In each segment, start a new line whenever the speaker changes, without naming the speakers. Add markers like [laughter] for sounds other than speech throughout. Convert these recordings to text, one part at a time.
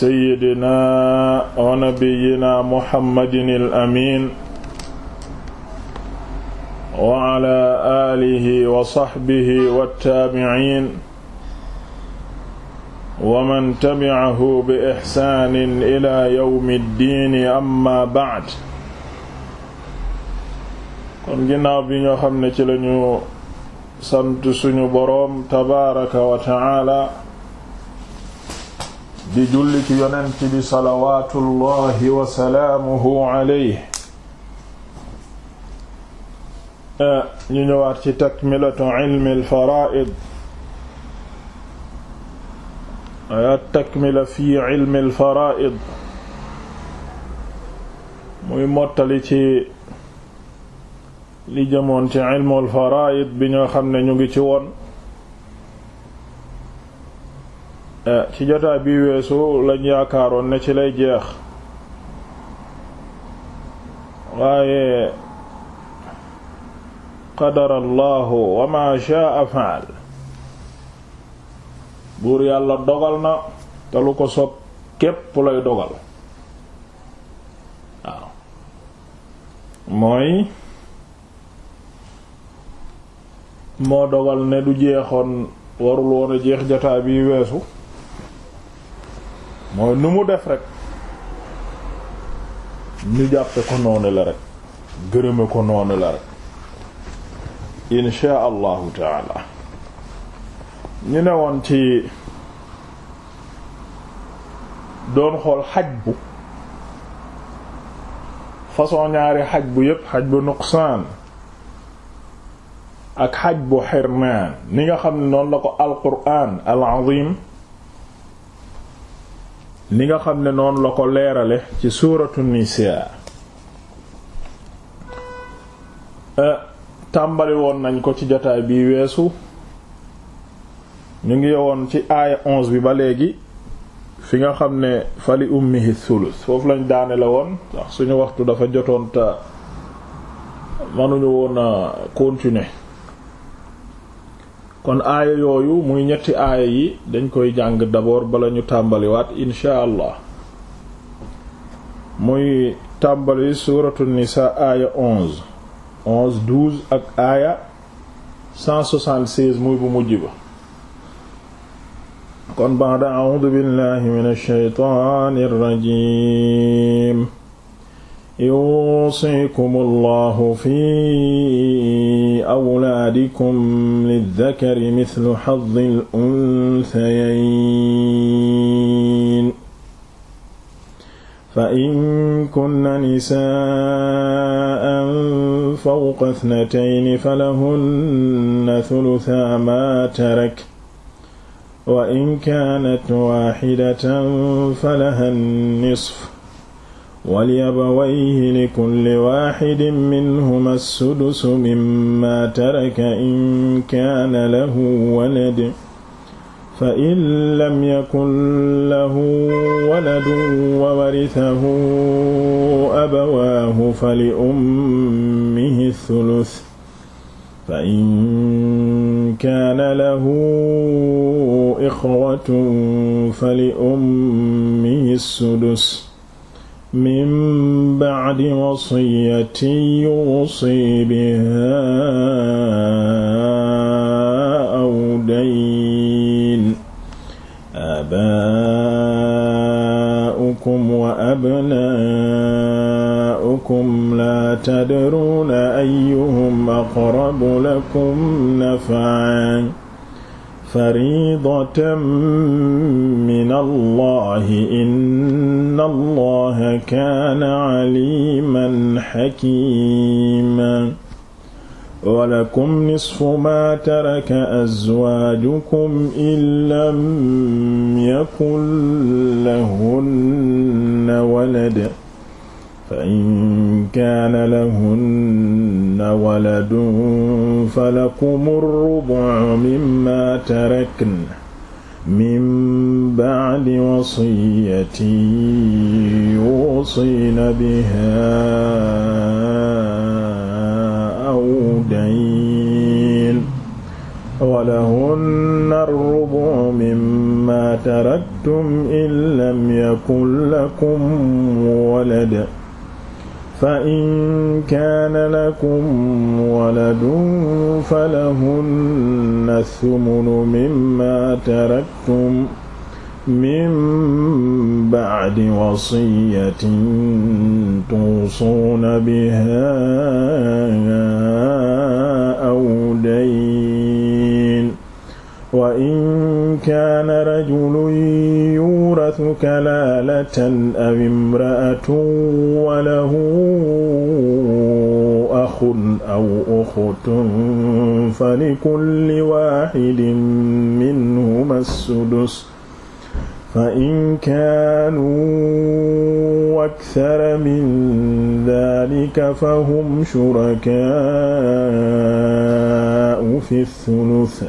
sayyidina wa nabiyyina muhammadin al-amin wa ala aalihi wa sahbihi wat-taabi'iin wa man tabi'ahu bi ihsaanin ilaa yawmi ddiin amma ba'd kon ginnaaw bi ñoo xam ne ci lañu sant suñu boroom tabaaraka wa ta'aala di julli ci yonent bi salawaatullahi wa salaamuhu alayhi ah, ñu ñëwaat ci takmilatu ilmi al-faraa'id at-takmila fi ilmi al-faraa'id muy mottali ci li jëmoon ci ilmu al-faraa'id bi ñoo xam ne ñu ngi ci woon Eh, ci jotaay bi weesu lañ yaakaaroon ne ci lay jeex waaye qadara allahu wa ma shaa faal buur yàlla dogal na te lu ko sob képp lay dogal waaw mooy moo dogal ne du jeexoon warul woon jeex jotaay bi weesu mooy nu mu def rek ñu jàppe ko noonu la rek gërëme ko noonu la rek inchaa allahu taala ñu ne woon ci doon xool xaj bu façon ñaari xaj bu yépp xaj bu nuqsaan ak xaj bu xirmaan ni nga xam ne noonu la ko alquran al azim ni nga xam ne noonu la ko leerale ci suuratu nisaa eh, tàmbali woon nañ ko ci jotaay bi weesu ñu ngi yowoon ci aaya onze bi ba léegi fi nga xam ne fali ummihi thuluth foofu lañ daane la woon ndax suñu waxtu dafa jotoon ta mënuñu woon continuer kon aaya yooyu muy ñetti aaya yi dañ koy jàng d'abord bala ñu tàmbaliwaat insha allah muy tàmbali suuratu nisa aaya ak aaya 176 muy bu mujj ba kon ba'da a'uudu billahi minash يوصيكم الله في أولادكم للذكر مثل حظ الأنثيين فإن كن نساء فوق اثنتين فلهن ثلثا ما ترك وإن كانت واحدة فلها النصف وليبويه لكل واحد منهما السدس مما ترك إن كان له ولد فإن لم يكن له ولد وورثه أبواه فلأمه الثلث فإن كان له إخوة فلأمه السدس min ba'di wasiyatin yusi biha aw dayn aba'ukum wa abna'ukum la tadruna ayyuhum aqrabu lakum naf'an faridatan min allahi inna allaha kaana aliman xakima walakum nisfu ma taraka azwaajukum in lam yakun lahunna walad fa in kaana lahunna waladun falakumu rubu'u mimma tarakna min ba'di wasiyatin yuwsina bihaa aw dayn walahunna rubu'u mimma taraktum in lam yakun lakum walad fa in kaana lakum waladun falahunna thumunu mimma taraktum min ba'di wasiyatin tuusuuna biha aw dayn wa in kaana rajulun yurathu kalaalatan aw imra'atun wa lahu axun aw uxtun falikulli waaxidin minhumaa as-sudus fa in kaanuu akthara min dhaalika fahum shurakaa'u fi ath-thuluth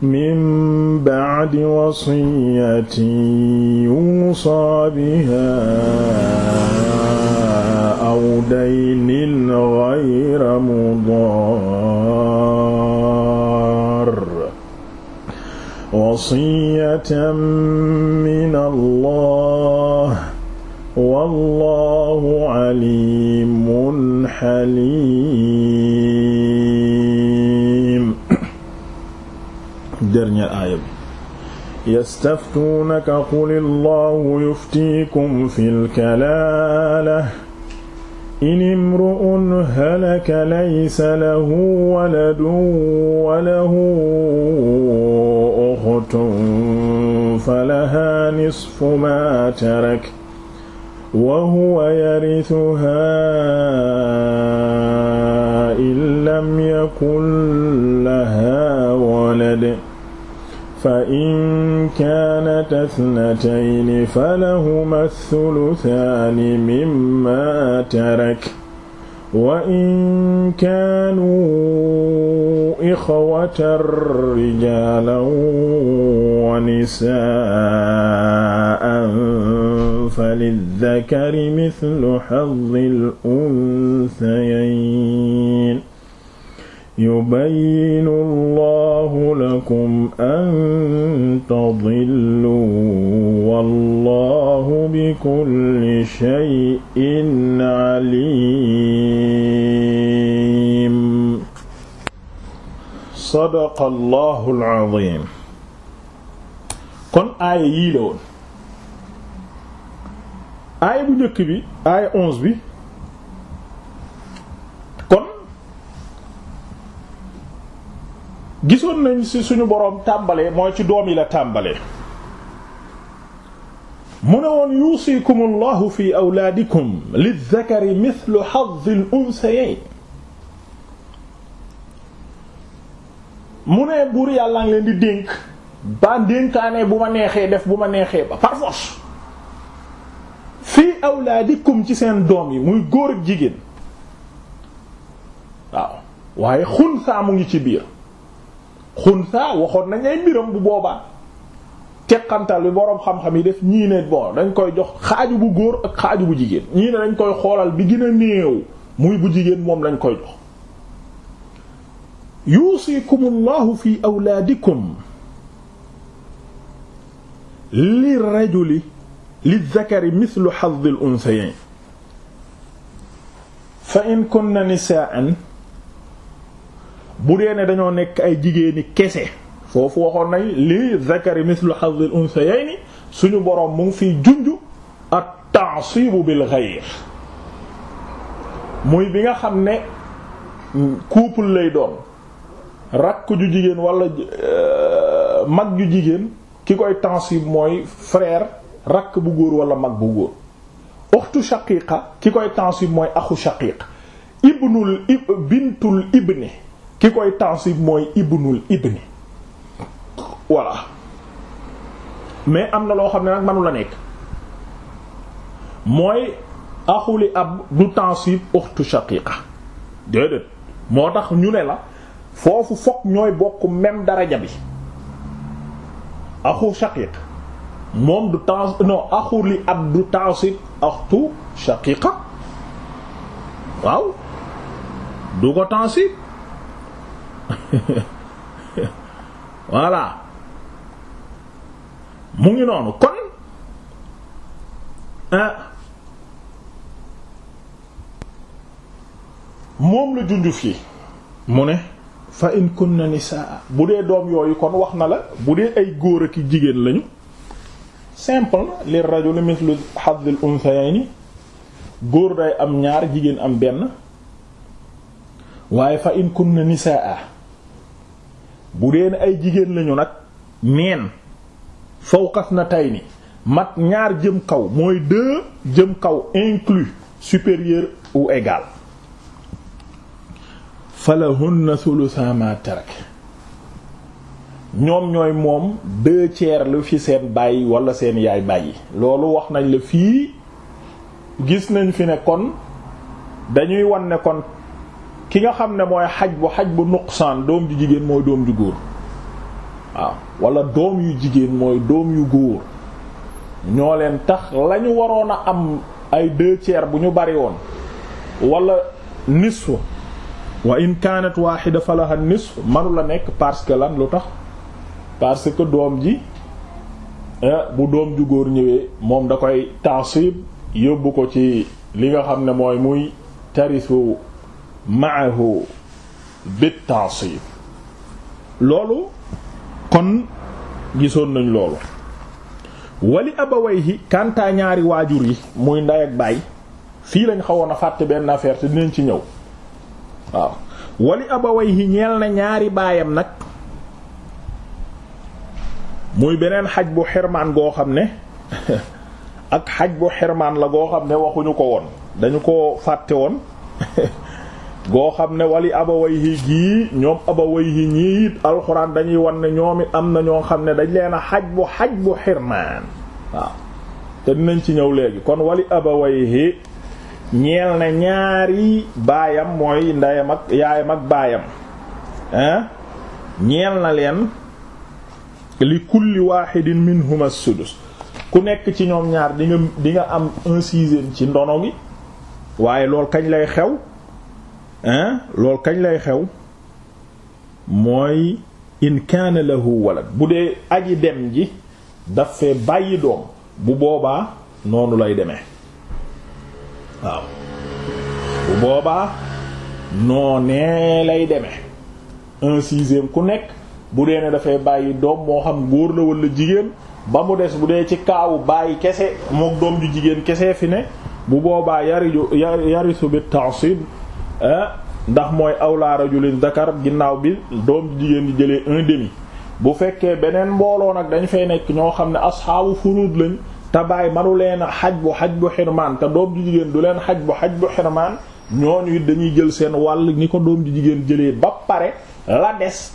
min ba'di wasiyatin yuusaa bihaa aw daynin ghayra mudaar wasiyatan min Allah wallaahu aliimun haliim dernière aaya bi yastaftuunaka qul allahu yuftiikum fil kalaala in imru'un halaka laysa lahu waladun wa lahu ukhtun falahaa nisfu maa tarak wa huwa yarithuhaa in lam yakun lahaa walad fa in kaanata thnatayni falahuma thuluthaani mimma tarak wa in kaanuu ixwatan rijaalan wa nisaa'an falidhakari mithlu hazzil unthayayn yubayyinu allahu lakum an tadillu wallahu bikulli shay'in alim sadaqa allahu alazim kon aaya yii la woon aaya bu njëkk bi aaya onze bi gisoon nañ ci suñu boroom tàmbalee mooy ci doom yi la tàmbalee mu ne woon yuusikum allahu fi awlaadikum lizzakari mithlu hazzil unsayayn mu ne buur yàlla leen di dénk ba dénkaane bu ma neexee def bu ma neexee ba par force fii awlaadikum ci seen doom yi muy góor ak jigéen waaw waaye xunsaa mu ngi ci biir xunsa waxoon nañ ay mbiram bu boobaa teqantal bi boroom xam-xam yi def ñii ne bon dañ koy jox xaaju bu góor ak xaaju bu jigéen ñii ne dañ koy xoolal bi gën a néew muy bu jigéen moom lañ koy jox yuusikumullahu fi awlaadikum li rajuli li zakari mithlu hazzil unsayayn fa in kunna nisaa'an bu dee ne dañoo nekk ay jigéeni kese foofu waxoon nañ li zakari mislu hazzil unsayayni suñu boroom mu ngi fiy junj at ta'sibu bil ghayr muy bi nga xam ne couple lay doon rakk ju jigéen wala euh, mag ju jigéen ki koy tansib mooy frère rakk bu góor wala mag bu góor uxtu shaqiqa ki koy tansib mooy axu shaqiq ibnul bintul ibni ki koy tansib mooy ibnul ibni voilà mais am na loo xam ne nag manu la nekk mooy axuli ab du tansib uxtu shaqiqa déedéet moo tax ñu ne la foofu fokk ñooy bokk même daraja bi axu shaqiq moom du temps non axuli ab du tansib uxtu shaqiqa waaw du ko tansib [laughs] voilà mu ngi noonu kon ah, moom la junju fii mu ne fa in kunna nisaa bu dee doom yooyu kon wax na la bu dee ay góor ak jigéen lañu simple li rajuli mithlu hadhil unthayni góor day am ñaar jigéen am benn waaye fa in kunna nisaa bu dee ne ay jigéen lañu nag neen fawqas na tey ni mat ñaar jëm kaw mooy deux jëm kaw inclus supérieur ou égal falahunna thulutha ma tarak ñoom ñooy moom deux tiers lu fi seen bàyyi wala seen yaay bàyyi loolu wax nañ la fii gis nañ fi ne dañuy wan nekkoon ki nga xam ne mooy xaj bu xaj bu nuqsaan doom ju jigéen mooy doom ju góor waaw wala doom yu jigéen mooy doom yu góor ñoo leen tax lañu waroon a am ay deux tiers bu ñu bari woon wala nisfu wa in kanat wahida falaha nisfu manu la nekk parce que lan lu tax parce que doom ji eh, bu doom ju góor ñëwee moom da koy tansib yóbbu ko ci li nga xam ne mooy muy tarisu maahu bittaasib loolu kon gisoon nañ loolu wali abawayhi kantaa ñaari waajur yi muy nday ak baay fii lañ xawoon a fàtte benn affaire te dinañ ci ñëw waaw wali abawayhi ñeel na ñaari baayam nag muy beneen xaj bu xirmaan goo xam ne [laughs] ak xaj bu xirmaan la goo xam ne waxuñu ko woon dañu ko fàtte woon [laughs] goo xam ne wali abawayhi gii ñoom abawayhi ñii it alxuraan dañuy wan ne ñoom am na ñoo xam ne dañ leen a xaj bu xaj bu xirmaan waaw te dinañ ci ñëw léegi kon wali abawayhi ñeel na ñaari baayam mooy ndeyam ak yaayam ak baayam hein ñeel na leen li kulli wahidin minhum as-sudus ku nekk ci ñoom ñaar di nga di nga am un sixième ci ndono gi waaye lool kañ lay xew loolu kañ lay xew mooy in kaana lahu walad bu dee aji dem ji daf bàyyi doom bu boobaa noonu lay deme waaw bu boobaa noonee lay demee un ku nekk bu dee ne dafay bàyyi doom moo xam góor la walla jigéen ba mu des bu dee ci kaawu bàyyi kese mook doom ju jigéen kese fi ne bu boobaa yarisu yarisu bi ta'sib Eh? ndax mooy awlaa rajulin dakar ginnaaw bi doom ji jigéen di jëlee un demi bu fekkee beneen mbooloo nag dañ fay nekk ñoo xam ne asxaabu furuud lañ te bàyyi manu leen xaj bu xaj bu xirmaan te doom ji jigéen du leen xaj bu xaj bu xirmaan ñooñu it dañuy jël seen wàll ni ko doom ji jigéen jëlee ba pare la des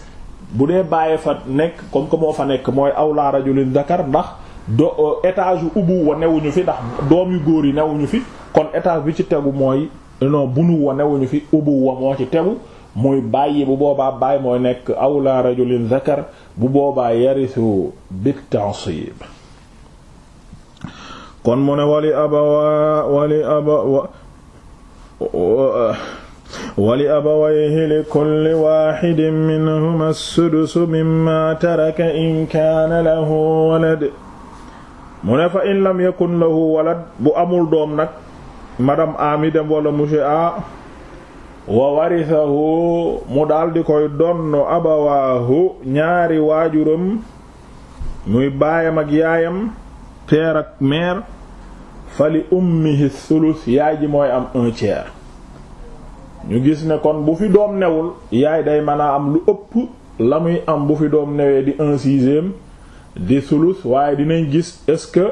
bu dee bàyyi fa nekk comme que moo fa nekk mooy aw awlaa rajulin dakar ndax do euh, étage yu ubbu wa newuñu fi ndax doom yu góor yi newuñu fi kon étage bi ci tegu mooy non bunu wa newuñu fi ubu wa moo ci tegu muy bàyyi bu boobaa bàyyi mooy nekk awla rajulin zakar bu boobaa yarisu bitansib kon mu ne wali abawa wali abawa wali abawayhi li kulli waxidin minhuma sudusu mimma taraka in kaana lahu walad mu ne fa in lam yakun lahu walad bu amul doom nag madame A mi dem wala monsieur A wa warisahu mu daldi koy donn abawaahu ñaari waajuram muy baayam ak yaayam père ak mère fali ummihi sulus yaay ji mooy am un ñu gis ne kon bu fi doom newul yaay day mën am lu ëpp la muy am bu fi doom newee di un sixième di sulus waaye dinañ gis est-ce que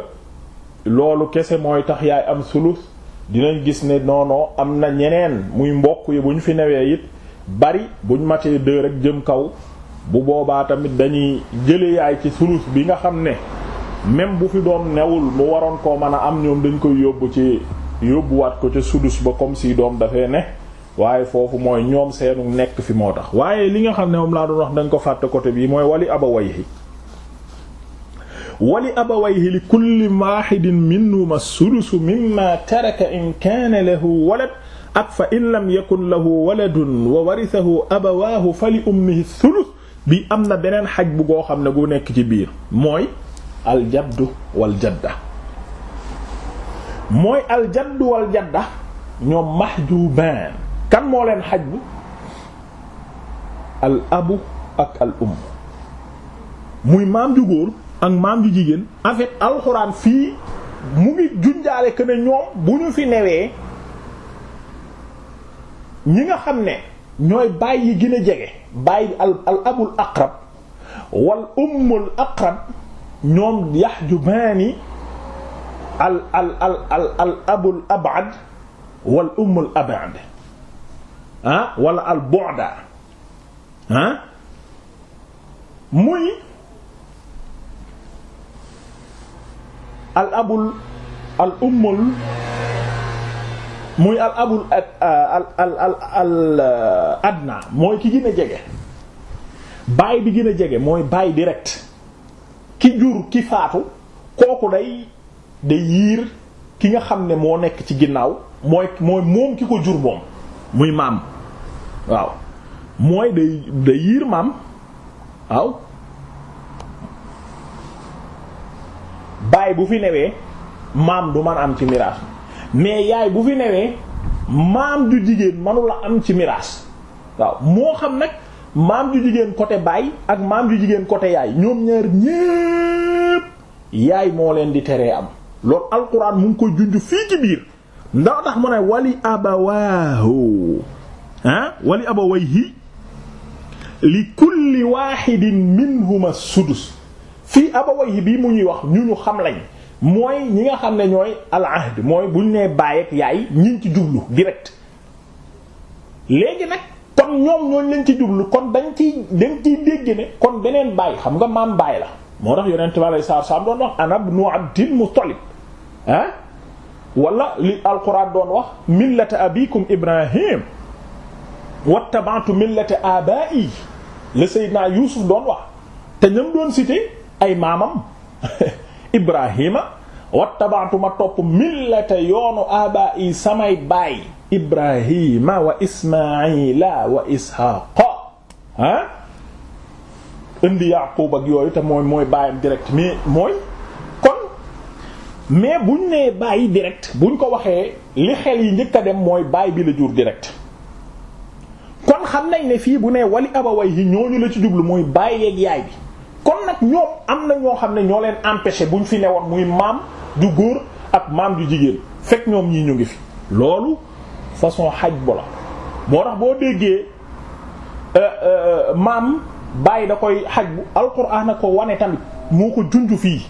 loolu kese mooy tax yaay am sulus dinañ gis ne noonoo am na ñeneen muy mbokk yi bu ñu fi newee it bari buñ matee deux rek jëm kaw bu boobaa tamit dañuy jële yaay ci sulus bi nga xam ne même bu fi doom newul mu waroon ko mën a am ñoom dañ koy yóbbu ci yóbbuwaat ko ca sudus ba comme si doom dafee ne waaye foofu mooy ñoom seenu nekk fi moo tax waaye li nga xam ne moom laa doon wax dañ ko fàtte côté bii mooy wali abawayhi wali abawayhi li kulli waaxidin minhuma sulusu mimma taraka in kaana lahu walad ak fa in lam yakun lahu waladun wa warisahu abawaahu fa li ummihi sulus bi am na beneen xaj bu goo xam ne gu nekk ci biir mooy aljaddu waljadda mooy aljaddu waljadda ñoom mahjubaan kan moo leen xaj bu al abu ak al umm muy maam ju góor ak maam ju jigéen en fait alxuraan fii mu ngi junjaale que ne ñoom bu ñu fi newee ñi nga xam ne ñooy bàyyi yi gën a jege baay al al abul wal ummul aqrab ñoom yahjubaani al al al al al abul abad wal ummul abad ah wala al bu'da ah, muy al abul al ummul muy al abul ah, ah, adna mooy ki gën a jege baay bi gën a jege mooy baay direct ki jur ki faatu kooku day day yiir ki nga xam ne moo nekk ci ginnaaw mooy mooy moom ki ko jur moom muy maam waaw mooy day day yiir maam waaw baay bu fi newee maam du man am ci miraas mais yaay bu fi newee maam ju jigéen manula am ci miraas waaw moo xam nag maam ju jigéen côté baay ak maam ju jigéen côté yaay ñoom ñaar ñépp yaay moo leen di tere am loolu alquran mu ngi koy junj fii ci biir ndax tax mu ne wali abawaahu ah wali abawayhi li kulli waaxidin minhuma sudus fii abawayhi bii mu ñuy wax ñu ñu xam lañ mooy ñi nga xam ne ñooy al ahd mooy buñ nee baay ak yaay ñiñ ci jublu direct léegi nag kon ñoom ñooñ lañ ci jublu kon dañ ci dañ ciy dégg ne kon beneen baay xam nga maam baay la moo tax yonent bi alayhi salaatu salaam doon wax ana ibnu abdil muttalib ah wala li alquran doon wax millata abikum ibrahim wattaba'tu millata abai la sayyidina yusuf doon wax te ñam doon cité ay maamam [laughs] ibrahima wattabaatuma topp millata yoonu abaa i samay baay ibrahima wa ismaila wa ishaqa ah indi yaqub ak yooyu te mooy mooy baayam direct mais mooy kon mais buñ nee bàyyi direct buñ ko waxee li xel yi njëkk a dem mooy baay bi la jur direct kon xam nañ ne fii bu nee wali abawayhi ñooñu la ci jublu mooy baay yeeg yaay bi kon nag ñoom am na ñoo xam ne ñoo leen empêché bu ñu fi ne woon muy maam ju góor ak maam ju jigéen fekk ñoom ñii ñu ngi fi loolu façon xaj bo la moo tax boo déggee euh, euh, maam bàyyi da koy xaj bu alxuraan a ko wane tamit moo ko junj fii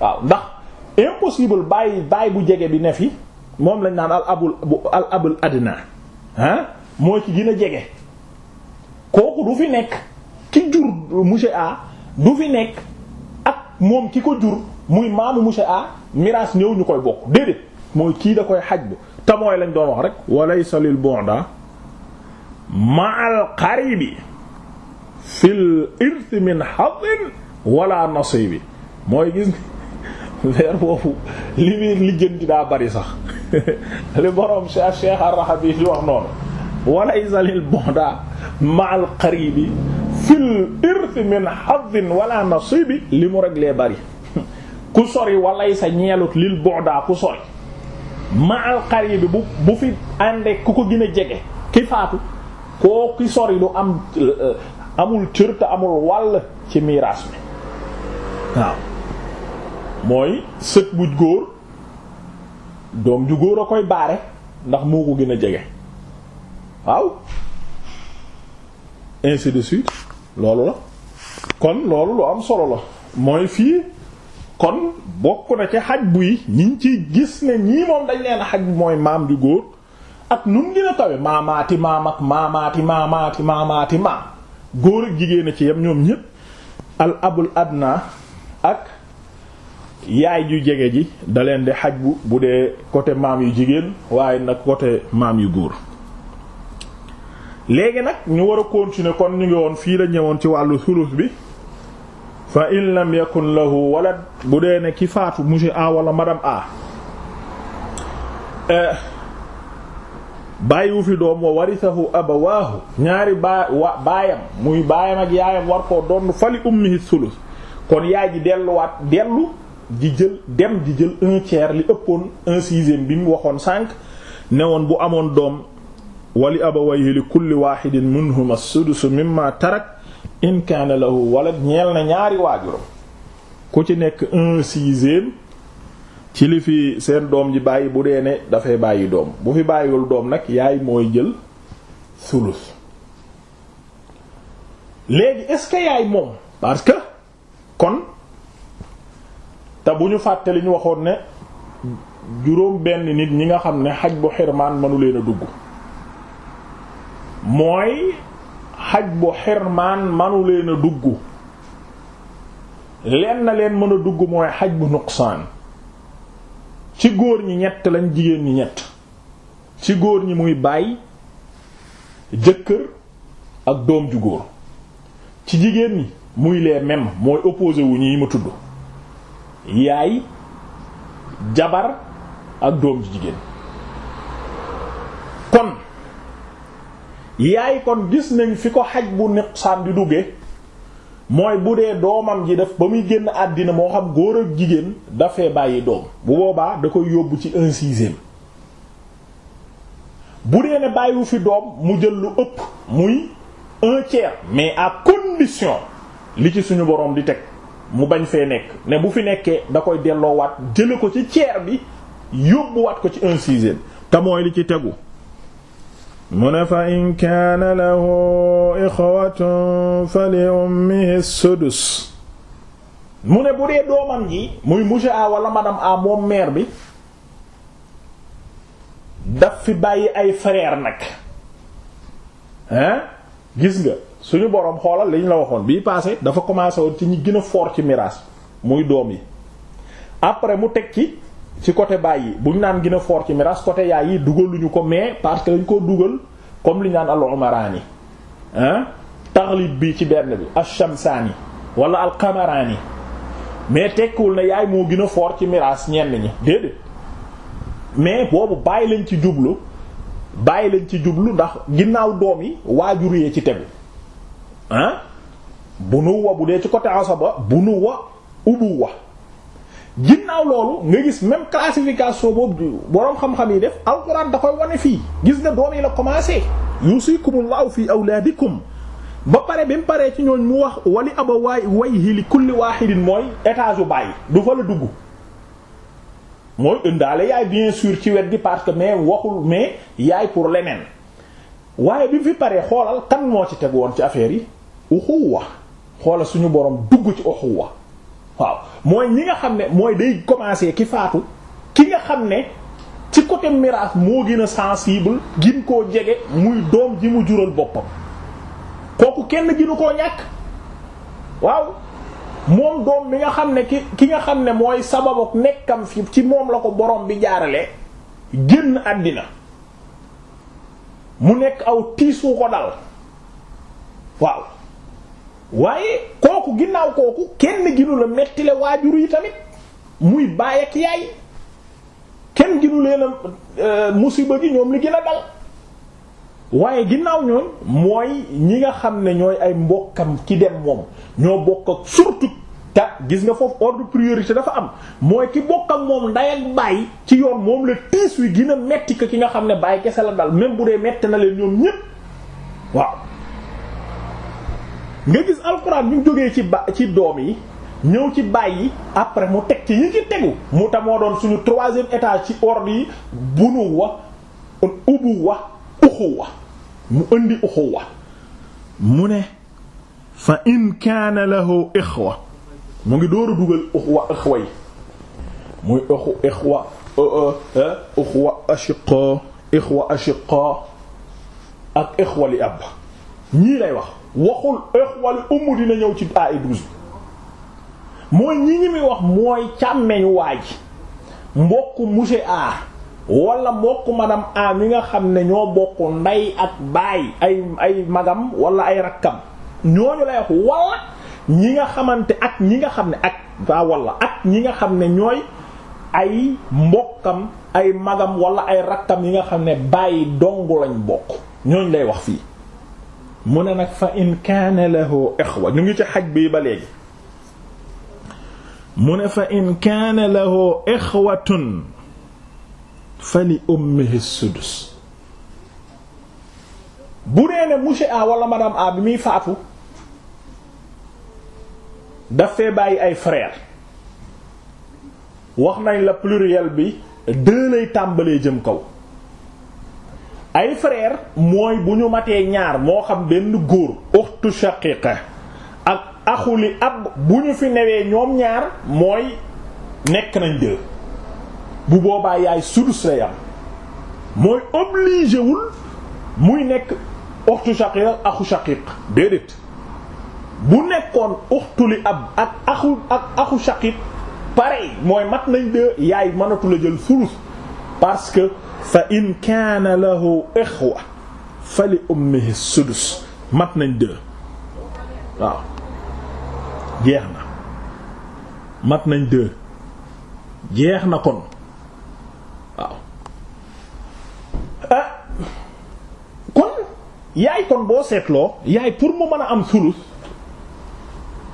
waaw ndax impossible bàyyi bàyyi bu jege bi ne fi moom lañ naan al abul al abul adna ah moo ci gën a jege kooku du fi nekk ki jur monsieur A. du fi nekk ak moom ki ko jur muy maamu monsieur A miraas ñëw ñu koy bokk déedéet mooy kii da koy xaj bu te lañ doon wax rek walaysa lil bu'da ma'al qaribi fil irth min hadin [laughs] li muy daa bari sax [laughs] li borom Cheikh Cheikh Ar-Rahabi di wax noonu walaysa lil bu'da ma'al qaribi fil irthi min haddin wala nasibi li mu réglee bari [laughs] ku sori walay sa ñeelut lil bu'da ku sori ma al qaribi bu bu fi àndee ku ko gën a jege ki faatu koo sori du am euh, amul cër te amul wàll ci miraas mi waaw mooy sët bu góor doom ju góor a koy baare ndax moo ko gën a jege waaw loolu la kon loolu lu am solo la mooy fii kon bokk na ci xaj buy ñi ci gis ne ñii moom dañ leen xaj mooy maam ju góor ak nun dina tawe maamaati maamaati maamaati maamaati maam góor ak jigéen ci yam ñoom ñépp al abul adna ak yaay ju jege ji da leen di xaj bu bu dee côté maam yu jigéen waaye nag côté maam yu góor léegi nag ñu war a continuer kon ñu ngi woon fii la ñëwoon ci wàllu sulus bi fa in lam yakun lahu bu dee ne ki faatu monsieur A wala madame A eh, bàyyiwu fi doom wa warisahu abawaahu ñaari baa wa baayam muy baayam ak yaayam war koo donn fali ummihi sulus kon yaay ji delluwaat dellu di jël dem di jël un tiers li ëppoon un sixième bi mu waxoon cinq ne woon bu amoon doom wali abawayhi li kulli waaxidin minhuma as-sudusu mimma tarak in kaana lahu walad ñeel na ñaari waajuram ku ci nekk un sixième ci li fi seen doom ji bàyyi bu dee ne dafay bàyyi doom bu fi bàyyiwul doom nag yaay mooy jël sulus léegi est yaay moom parce que kon te bu ñu fàtte li ñu waxoon ne juróom benn nit ñi nga xam ne xaj bu xirmaan mënu leen a dugg mooy xaj bu xirmaan manu leen a dugg leen na leen mën a dugg mooy xaj bu nuqsaan ci góor ñi ñett lañ jigéen ñi ñett ci góor ñi muy baay jëkkër ak doom ju góor ci jigéen ñi muy les mêmes mooy opposé wu ñi ma tudd yaay jabar ak doom ju jigéen yaay kon gis nañ fi ko xaj bu nuqsaan di duggee mooy bu dee doomam ji def ba muy génn àddina moo xam góor ak jigéen dafee bàyyi doom bu boobaa da koy yóbbu ci un bu dee ne bàyyiwu fi doom mu jël lu ëpp muy un mais à condition li ci suñu boroom di teg mu bañ fee nekk ne bu fi nekkee da koy delloowaat jële ko ci tiers bi yóbbuwaat ko ci un sixième te mooy li ci tegu mu ne fa in kaana lahu ixwatun fa li ummihi sudus mu ne bu dee doomam ji muy monsieur a wala madame a moom mère bi daf fi bàyyi ay frère nag hein gis nga suñu boroom xoolal li ñu la waxoon bii passé dafa commencé woon ci ñu gën foor ci miraas muy doom yi après mu teg ci ci côté bàyyi bu buñ naan gën a fort ci miraas côté yaay yi dugal dugaluñu ko mais parce que dañ koo dugal comme li naan al umaraani hein taxlib bi ci benn bi ash-shamsaani wala al-qamaraani mais tekkiwul ne yaay moo gën a fort ci miraas ñenn ñi déedéet mais boobu bàyyi lañ ci jublu bàyyi lañ ci jublu ndax ginnaaw doom yi waajur yee ci tegu ah bunuwa bu dee ci côté asaba bunuwa ubuwa ginnaaw loolu nga gis même classification boobu boroom xam-xam yi def alxuraan da koy wane fii gis nga doom yi la commencé yusikumullahu fi awlaadikum ba pare bi mu paree ci ñooñ mu wax wali aba waay wayhi li kulli waahidin mooy étage u bàyyi du fa la dugg mooy ale yaay bien sûr ci wet gi parce que mais waxul mais yaay pour leneen waaye bi mu fi paree xoolal kan moo ci teg woon ci affaire yi wa xoola suñu borom dugg ci wa waaw mooy ñi nga xam ne mooy day commencer ki faatu ki nga xam ne ci côté miraas moo gën a sensible gin koo jege muy doom ji mu jural boppam kooku kenn ginu koo ñàkk waaw moom doom mi nga xam ne ki ki nga xam ne mooy sababok nekkam fi ci moom la ko boroom bi jaarale génn àddina mu nekk aw tiis wu ko dal waaw waaye kooku ginnaaw kooku kenn ginu la mettile waajur yi tamit muy bàyyi ak yaay kenn ginu leen a euh, musiba gi ñoom li gën a dal waaye ginnaaw ñoon mooy ñi nga xam ne ñooy ay mbokkam ki dem moom ñoo bokk ak surtout te gis nga foofu ordre priorité dafa am mooy ki bokk ak moom nday ak bàyyi ci yoon moom la tiis wi gën a metti ko ki nga xam ne bàyyi kese la dal même bu dee metti na leen ñoom ñépp waaw nga gis alxuraan bi mu jógee ci ba ci doom yi ñëw ci bàyyi après mu teg ci yi ci tegu mu ta moo doon suñu troisième étage ci ordre yi bunuwa ubuwa uxuwa mu indi uxuwa mu ne fa in kaana lahu ixwa mu ngi dóoru dugal uxwa ixwa yi muy uxu ixwa uxwa ashiqa ixwa ashiqa ak ixwa li ab ñii lay wax waxul ixwal umm dina ñëw ci aaya douze bi mooy ñi ñi muy wax mooy càmmeñu waa ji mbokk monsieur a wala mbokk madame a mi nga xam ne ñoo bokk nday ak bàyyi ay ay magam walla ay rakkam ñooñu lay wax wala ñi nga xamante ak ñi nga xam ne ak ah, waa ak ñi nga xam ne ñooy ay mbokkam ay magam walla ay rakkam yi nga xam ne bàyyi dongu lañ bokk ñooñ lay wax fii mu ne nag fa in kaana lahu ixwa ñu ngi ci xaj bi ba léegi mu ne fa in kaana lahu ixwatun fa li ummihi sudus bu nee ne monsieur A madame A bi muy faatu daf fee bàyyi ay frère wax nañ la pluriel bi deux lay tàmbalee jëm kaw ay frère mooy bu ñu matee ñaar moo xam benn góor uxtu shaqiqa ak axuli ab bu ñu fi newee ñoom ñaar mooy nekk nañ deux bu boobaa yaay sudus lay am mooy obligé muy nekk uxtu shaqiqa ak axu shaqiq déedéet bu nekkoon uxtuli ab ak axu ak axu shaqiq pareil mooy mat nañ deux yaay mënatu la jël sulus parce fa in kaana lahu ixwa fa li ummihi sudus mat nañ deux waaw jeex na mat nañ deux jeex na kon waaw ah kon yaay kon boo seetloo yaay pour mu mën a am sulus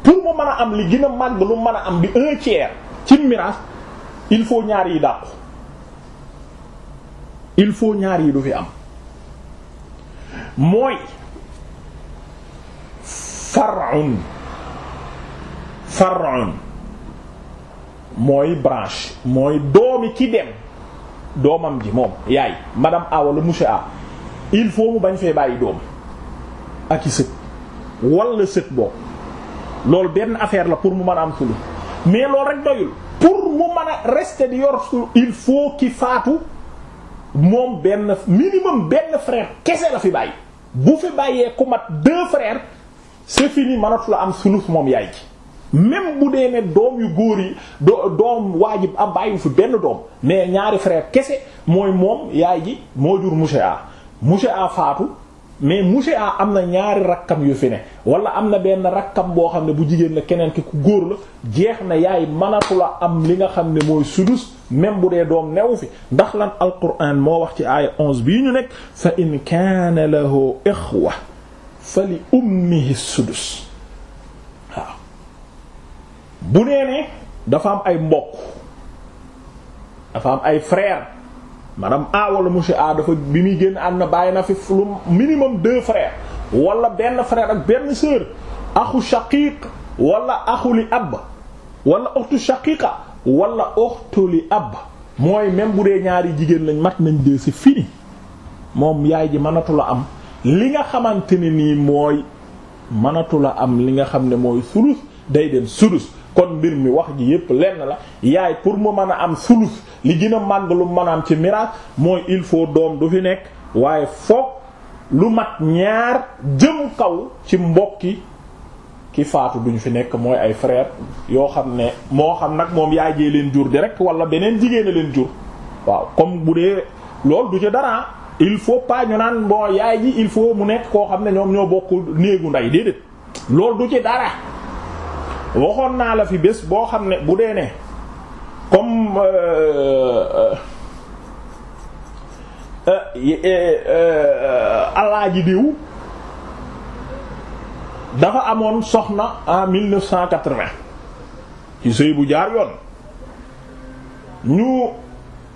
pour mu mën a am li gën a màgg lu mën a am di un tiers ci miraas il faut ñaar yi dàqu il faut ñaar yi du fi am mooy far'un far'un mooy branche mooy doomi ki dem doomam ji moom yaay madame A wala monsieur il faut mu bañ fee bàyyi doom ak i sët wala sët boobu loolu benn affaire la pour mu mën a am sulu mais loolu rek doyul pour mu mën a rester di yor il faut ki faatu moom benn minimum benn frère kese la fi bàyyi bu fi bàyyee ku mat deux frères c'est fini la am sulus moom yaay ji même bu dee ne doom yu góor yi do doom waajib am bàyyiwu fi benn doom mais ñaari frère kese mooy moom yaay ji moo jur monsieur A monsieur A faatu mais monsieur A am na ñaari rakkam yu fi ne wala am na benn rakkam boo xam ne bu jigéen la keneen ki ku góor la jeex na yaay manatula am li nga xam ne mooy sudus même bu dee doom newu fi ndax lan alquran moo wax ci aaya onze bii ñu nekk fa in kaana lahu ixwa fa li ummihi sudus waaw bu nee ne dafa am ay mbokk dafa am ay frère madame A wala monsieur A dafa bi muy génn ànd na bàyyi na fi lu minimum deux frères wala benn frère ak benn sœur axu shaqiq walla axu li ab wala oxtu shaqiqa wala oxtu li mooy même bu dee ñaari jigéen lañ mat nañ deux c'est fini moom yaay ji mënatula am li nga xamante ne nii mooy mënatul a am li nga xam ne mooy sulus day dem sulus kon mbir mi wax ji yépp lenn la yaay pour mu mën a am sulus li gën a màgg lu mën ci miraas mooy il faut doom du fi nekk waaye foog lu mat ñaar jëm kaw ci mbokki ki faatu duñu fi nekk mooy ay frère yoo xam ne moo xam nag moom yaay jee leen jur direct wala beneen jigéen a leen jur waaw comme bu dee loolu du ci dara il faut pas ñu naan bon yaay ji il faut mu nekk koo xam ne ñoom ñoo bokk néegu nday déedéet loolu du ci dara waxoon naa la fi bés boo xam ne bu dee ne comme euh, euh, euh, alaaji diw dafa amoon soxna en 1980 ci sëy bu jaar yoon ñu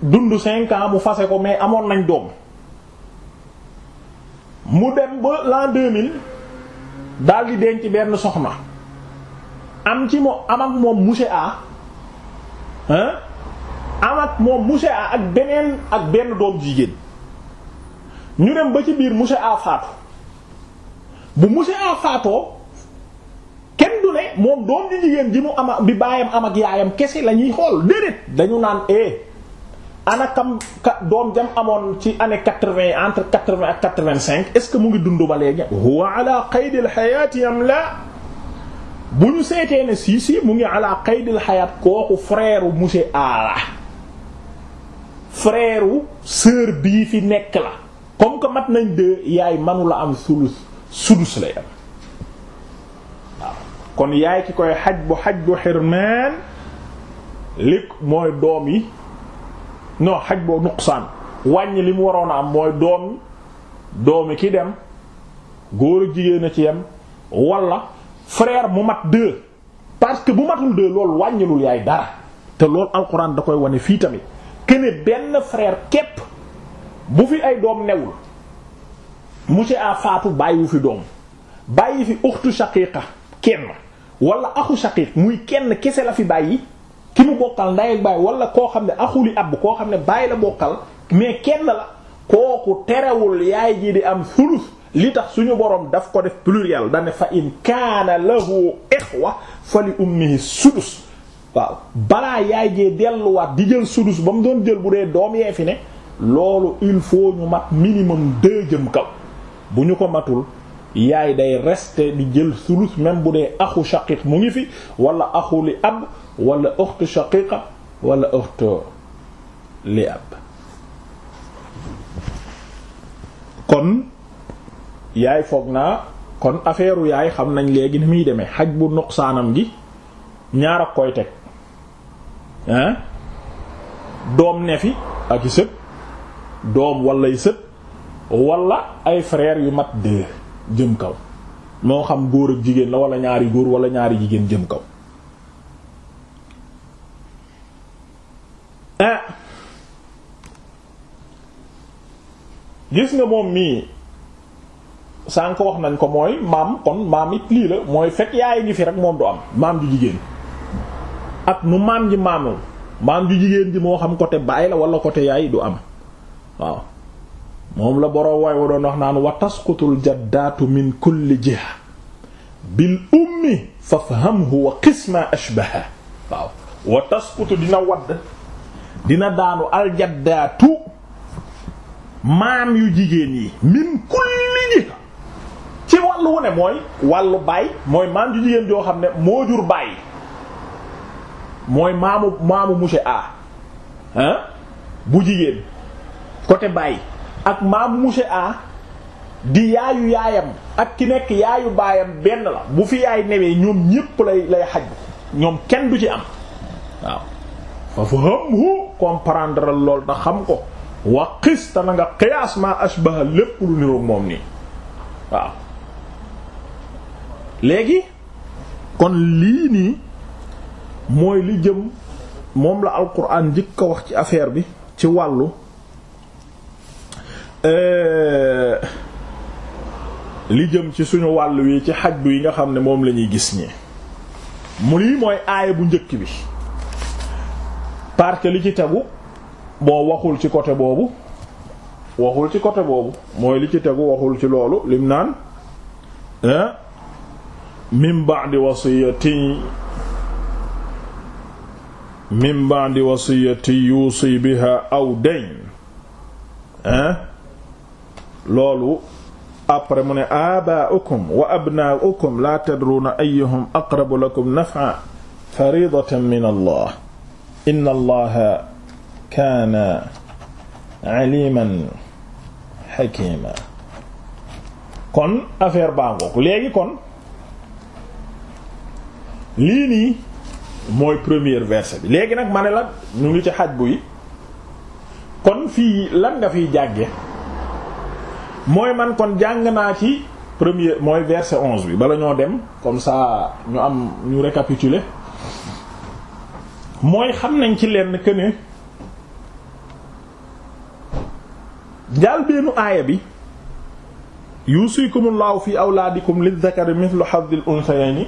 dund cinq ans mu fase ko mais amoon nañ doom mu dem ba l'an 2000 daal di denc benn soxna. am ci moom am ak moom monsieur A hein am ak moom monsieur A ak beneen ak benn doom jigéen ñu dem ba ci biir monsieur A faatu bu monsieur A faatoo kenn du ne moom doom ji jigéen ji mu am bi baayam am ak yaayam kese la ñuy xool déedéet dañu naan eh ana kam doom jam amoon ci année quatre-vingt entre quatre-vingt ak quatre-vingt-cinq est-ce que mu ngi dund ba léegi. huwa ala qaydil hayati la. bu ñu seetee ne si mu ngi ala qaydil xayaat kooku frère muse monsieur A la frère u bii fi nekk la comme que mat nañ de yaay manu la am sulus sudus lay am kon yaay ki koy xaj bu xaj bu xirmaan li mooy doom yi non xaj boo nuqsaan wàññi li mu waroon a am mooy doom doomi ki dem góor a jigéen a ci yem wala frère mu mat deux parce que bu matul deux loolu wàññilul yaay dara te loolu alxuraan da koy wane fii tamit kene benn frère képp bu fi ay doom newul monsieur a faatu bàyyiwu fi doom bàyyi fi uxtu shaqiqa kenn wala axu shaqiq muy kenn kese la fi bàyyi ki mu bokkal nday ak bàyyi wala koo xam ne axuli ab koo xam ne bàyyi la bokkal mais kenn la kooku terewul yaay ji di am sulus li tax suñu boroom daf ko def pluriel dane fa in kaana lahu ixwa fa li ummihi sudus waaw balaa yaay jee delluwaat di jël sudus ba mu doon jël bu dee doom yee fi ne loolu il faut ñu mat minimum deux kaw bu ñu ko matul yaay day rester di jël sulus même bu dee axu shaqiq mu ngi fi walla axu li ab wala uxtu shaqiqa wala uxtu li ab kon yaay foog naa kon affaire yaay xam nañ léegi ni muy demee xaj bu nuqsaanam gi ñaar ak koy teg doom nefi ak i sët doom wala i sët wala ay frère yu mat de jëm kaw moo xam góor ak jigéen la wala ñaari góor wala ñaari jigéen jëm kaw. gis nga moom mii. sànq wax nañ ko mooy maam kon maam it lii la mooy fekk yaay ngi fi rek moom du am maam ju jigéen ak nu maam ji maamul maam ju jigéen ji moo xam côté baay la wala côté yaay du am waaw moom la boroom waay wa doon wax naan wa tasqutul jaddaatu min kulli jiha bil ummi fafhamhu wa qisma ashbaha waaw wa tasqutu dina wadd dina daanu aljaddaatu maam yu jigéen yi min kulli jiha ci wàllu wu mooy wàllu baay mooy maam ju jigéen joo xam ne moo jur baay mooy maamu maamu monsieur A hein bu jigéen côté baay ak maamu monsieur A di yaayu yaayam ak ki nekk yaayu baayam benn la bu fi yaay newee ñoom ñépp lay lay xaj ñoom kenn du ci am waaw fa fahamhu comprendre lool na xam ko wa xis ta na nga qiyaas ma ashbaha lépp lu niroog moom nii waaw léegi kon lii nii mooy li jëm moom la alquran njëkk a wax ci affaire bi ci wàllu euh, li jëm ci suñu wàll wi ci xajdu yi nga xam ne moom lañuy gis ñi mu lii mooy aaya bu njëkk bi parce que li ci tegu boo waxul ci côté boobu waxul ci côté boobu mooy li ci tegu waxul ci loolu lim naan min ba'di wasiyatin min ba'di wasiyati yuusi biha aw dayn hein eh? loolu après mu ne aabaa'ukum wa abnaa'ukum laa tadruuna ayyuhum aqrabu lakum naf'an fariidatan min allah inna allaha kaana aliman xakima kon affaire baa ngoog léegi kon lii nii mooy premier verset bi léegi nag ma ne la ñu ngi ci xaj buy kon fii lan nga fiy jànge mooy man kon jàng naa ci premier mooy verset onze bi bala ñoo dem comme ça ñu am ñu récapituler mooy xam nañ ci lenn que ne njàlbeenu aaya bi yuusikumullahu fi awlaadikum lizakari mithlu hazzil unsayayni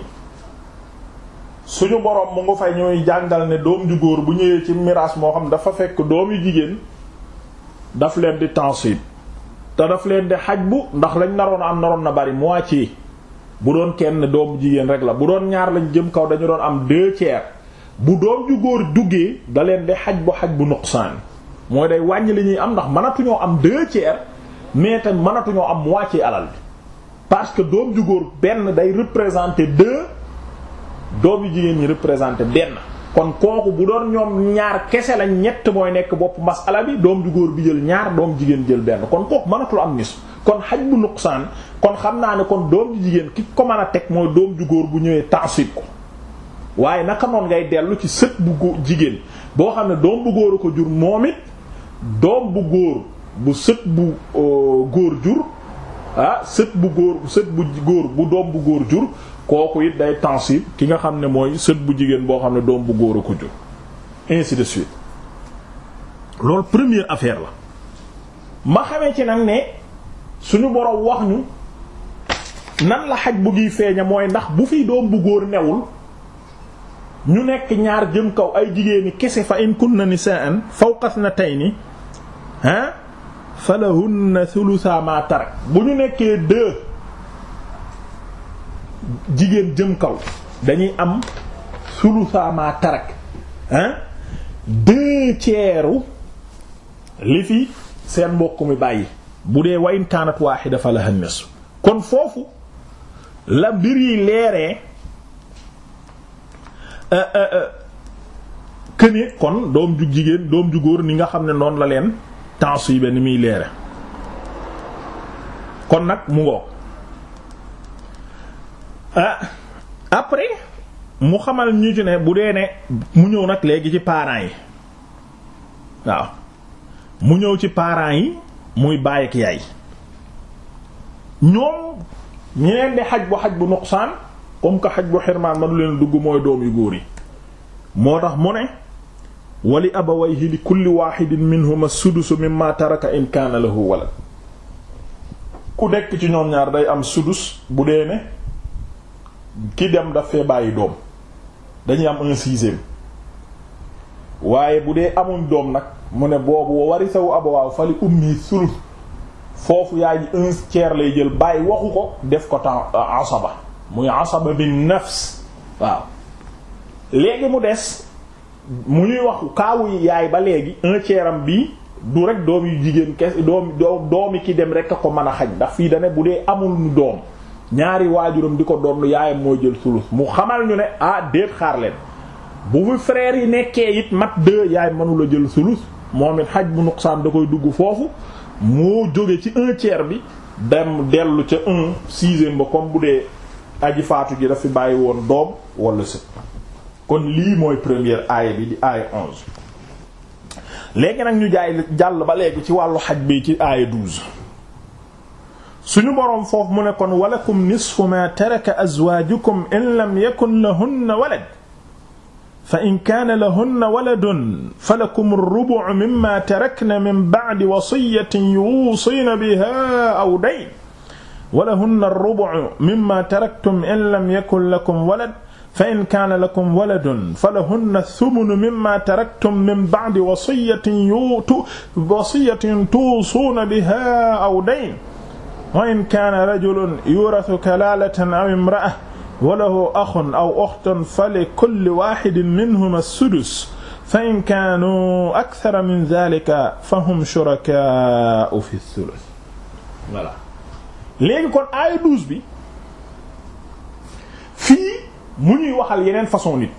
suñu borom mu nga fay ñuy jàngal ne doom ju góor bu ñëwee ci miraas moo xam dafa fekk doom yu jigéen daf leen di tansib te daf leen di xaj bu ndax lañ naroon am naroon na bari moitié bu doon kenn doom jigéen rek la bu doon ñaar lañ jëm kaw dañu doon am deux bu doom ju góor duggee da leen di xaj bu xaj bu nuqsaan mooy day wàññi li ñuy am ndax mënatuñoo am deux tiers mais tam mënatuñoo am moitié alal bi parce que doom ju góor benn day représenter deux doom doomu jigéen ñi représenté benn kon kooku bu doon ñoom ñaar kese la ñett mooy nekk bopp masala bi doom ju góor bi jël ñaar doom jigéen jël benn kon kooku mënatul am nis kon xaj bu nuqsaan kon xam naa ne kon doom ju jigéen ki ko mën a teg mooy doom ju góor bu ñëwee tansib ko waaye naka moom ngay dellu ci sët bu jigéen boo xam ne doom bu góor ko jur moom it doom bu góor bu sët bu euh, góor jur ah sët bu góor sët bu góor bu doom bu góor jur kooku it day tansib ki nga xam ne mooy sët bu jigéen boo xam ne doom bu góor a ko jur de suite loolu première affaire la ma xamee ci nag ne suñu boroom wax ñu nan la xaj bu gi feeña mooy ndax bu fi doom bu góor newul ñu nekk ñaar jëm kaw ay jigéeni kese fa na in kunna nisaan fawqas na tey ni ah falahunna na ma tarak bu ñu nekkee deux jigéen jëm kaw dañuy am thulutha ma tarak hein deux tiers li fi seen mbokk mi bàyyi bu dee wa in kaanat wahida falaha nisf kon foofu la mbir yi leeree këne euh, euh, euh, kon doom ju jigéen doom ju góor ni nga xam ne noonu la leen taasibe ni muy leere kon nag mu ngoog ah après mu xamal ñu ci ne bu dee ne mu ñëw nag léegi ci parents yi waaw mu ñëw ci parents yi muy baay ak yaay ñoom ñi leen di xaj bu xaj bu nuqsaan comme que xaj bu xirmaan manu leen dugg mooy doom yu góor yi moo tax mu ne wali abawayhi li kulli waaxidin minhuma sudusu mimma taraka in kaana lahu walad ku nekk ci ñoom ñaar day am sudus bu dee ne ki dem daf fee bàyyi doom dañuy am un waaye bu dee amuñ doom nag mu ne boobu wa warisawu abawaaw fa li ummi sulus foofu yaay ji un tiers lay jël bàyyi waxu ko def ko temps uh, asaba muy asaba bi nafs waaw léegi mu des mu ñuy wax kaawu yaay ba léegi un bi am du rek doom yu jigéen kes doom doom doomi ki dem rek a ko mën a xañ ndax fii dana bu dee amul nu doom ñaari waajuram di ko doon yaayam moo jël sulus mu xamal ñu ne ah déet xaar leen bu fi frère yi nekkee it mat deux yaay mënula jël sulus moom it xaj bu nuqsaan da koy dugg foofu moo jóge ci un bi dem dellu ca un sixième ba comme bu dee aji faatu ji dafi bàyyi woon doom wala sët kon lii mooy première aaya bi di aaya onze léegi nag ñu jaay jàll ba léegi ci wàllu xaj bi ci aaya douze suñu boroom foofu mu ne kon walakum nisfu ma taraka azwaajukum in lam yakun lahunna walad fa in kaana lahunna waladun falakum ar-rubu' mimma tarakna min ba'di wasiyatin yuusina biha aw dayn walahunna ar-rubu' mimma taraktum in lam yakun lakum walad fa in kaana lakum waladun falahunna thumunu mimma taraktum min ba'di wasiyatin yuutu wasiyatin tuusuuna biha aw dayn wa in kaana rajulun yurathu kalaalatan aw imra'a wa lahu axun aw uxtun fali kulli waahidin minhumaa as-sudus fa in kaanuu akthara min dhaalika fahum shurakaa'u fi ath-thuluth voilà léegi kon aaya douze bi fii mu ñuy waxal yeneen façon nit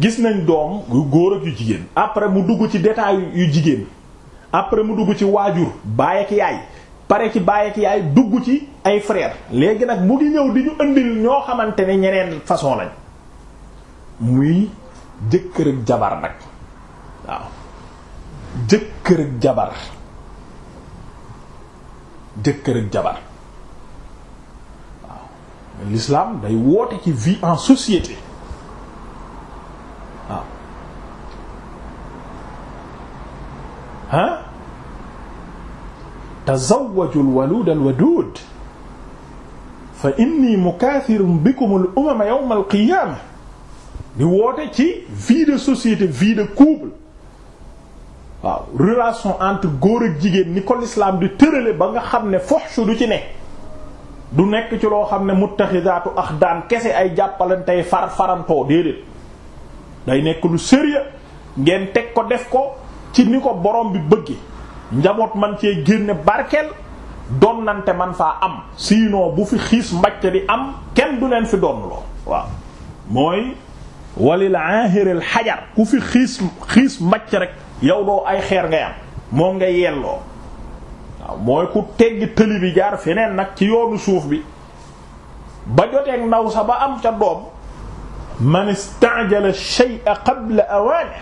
gis nañ doom yu góor ak yu jigéen après mu dugg ci détail yu jigéen après mu dugg ci waajur baay ak yaay pare ci baay yaay dugg ci ay frère léegi nag mu ngi ñëw di ñu indil ñoo xamante ne ñeneen façon lañ muy jëkkër ak jabar nag waaw jëkkër ak jabar jëkkër ak jabar lislaam day woote ci vie en société waaw ah tazawwaju al-walud al-wadud fa inni mukaathirun bikum al-umam yawm al di woote ci vie de société vie de couple waaw relation entre góor ak jigéen ni ko lislaam di tërale ba nga xam ne foxsu du ci ne du nekk ci loo xam ne mu ax axdaan kese ay jàppalantey far farantoo déedéet day nekk lu sérieux ngeen teg ko def ko ci ni ko borom bi bëgge njaboot man cee génne barkeel donnante man faa am sinon bu fi xiis mbàcc di am kenn du leen fi doonuloo waaw mooy walil ahiril xajar ku fi xiis xiis mbàcc rek yow doo ay xeer ngay am moom nga yelloo waaw mooy ku teggi tëli bi jaar feneen nag ci yoonu suuf bi ba joteeg ndaw sa ba am ca doom man istaajala shay'a qabla awaane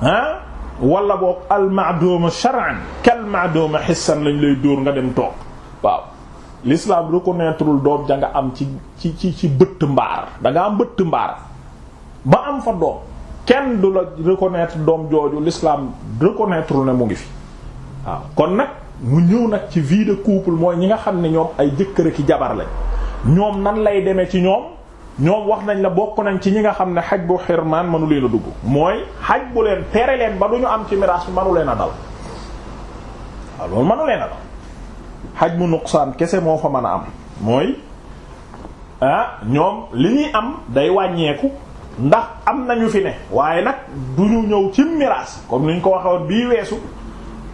ah wala boog almaadooma shar'an kal lañ lay dóor nga dem toog waaw l'islam reconnaîtreul am ci ci ci ci bëtt am bëtt mbaar ba am fa kenn du la reconnaître doom jooju lislaam reconnaîtreul ne mu ngi fi waaw kon nag mu ñëw nag ci vie de couple mooy ñi nga xam ne ñoom ay jëkkër ki jabar lañ ñoom nan lay demee ci ñoom ñoom wax nañ la bokk nañ ci ñi nga xam ne xaj bu xirmaan mënu leen dugg mooy xaj bu leen tere leen ba du ñu am ci miraas bi leen a dal waaw loolu mënu leen dal xaj bu nuqsaan kese moo fa mën a am mooy ah, ñoom li ñuy am day wàññeeku ndax am nañu fi ne waaye nag du ñu ñëw ci miraas comme ni ñu ko waxee woon bii weesu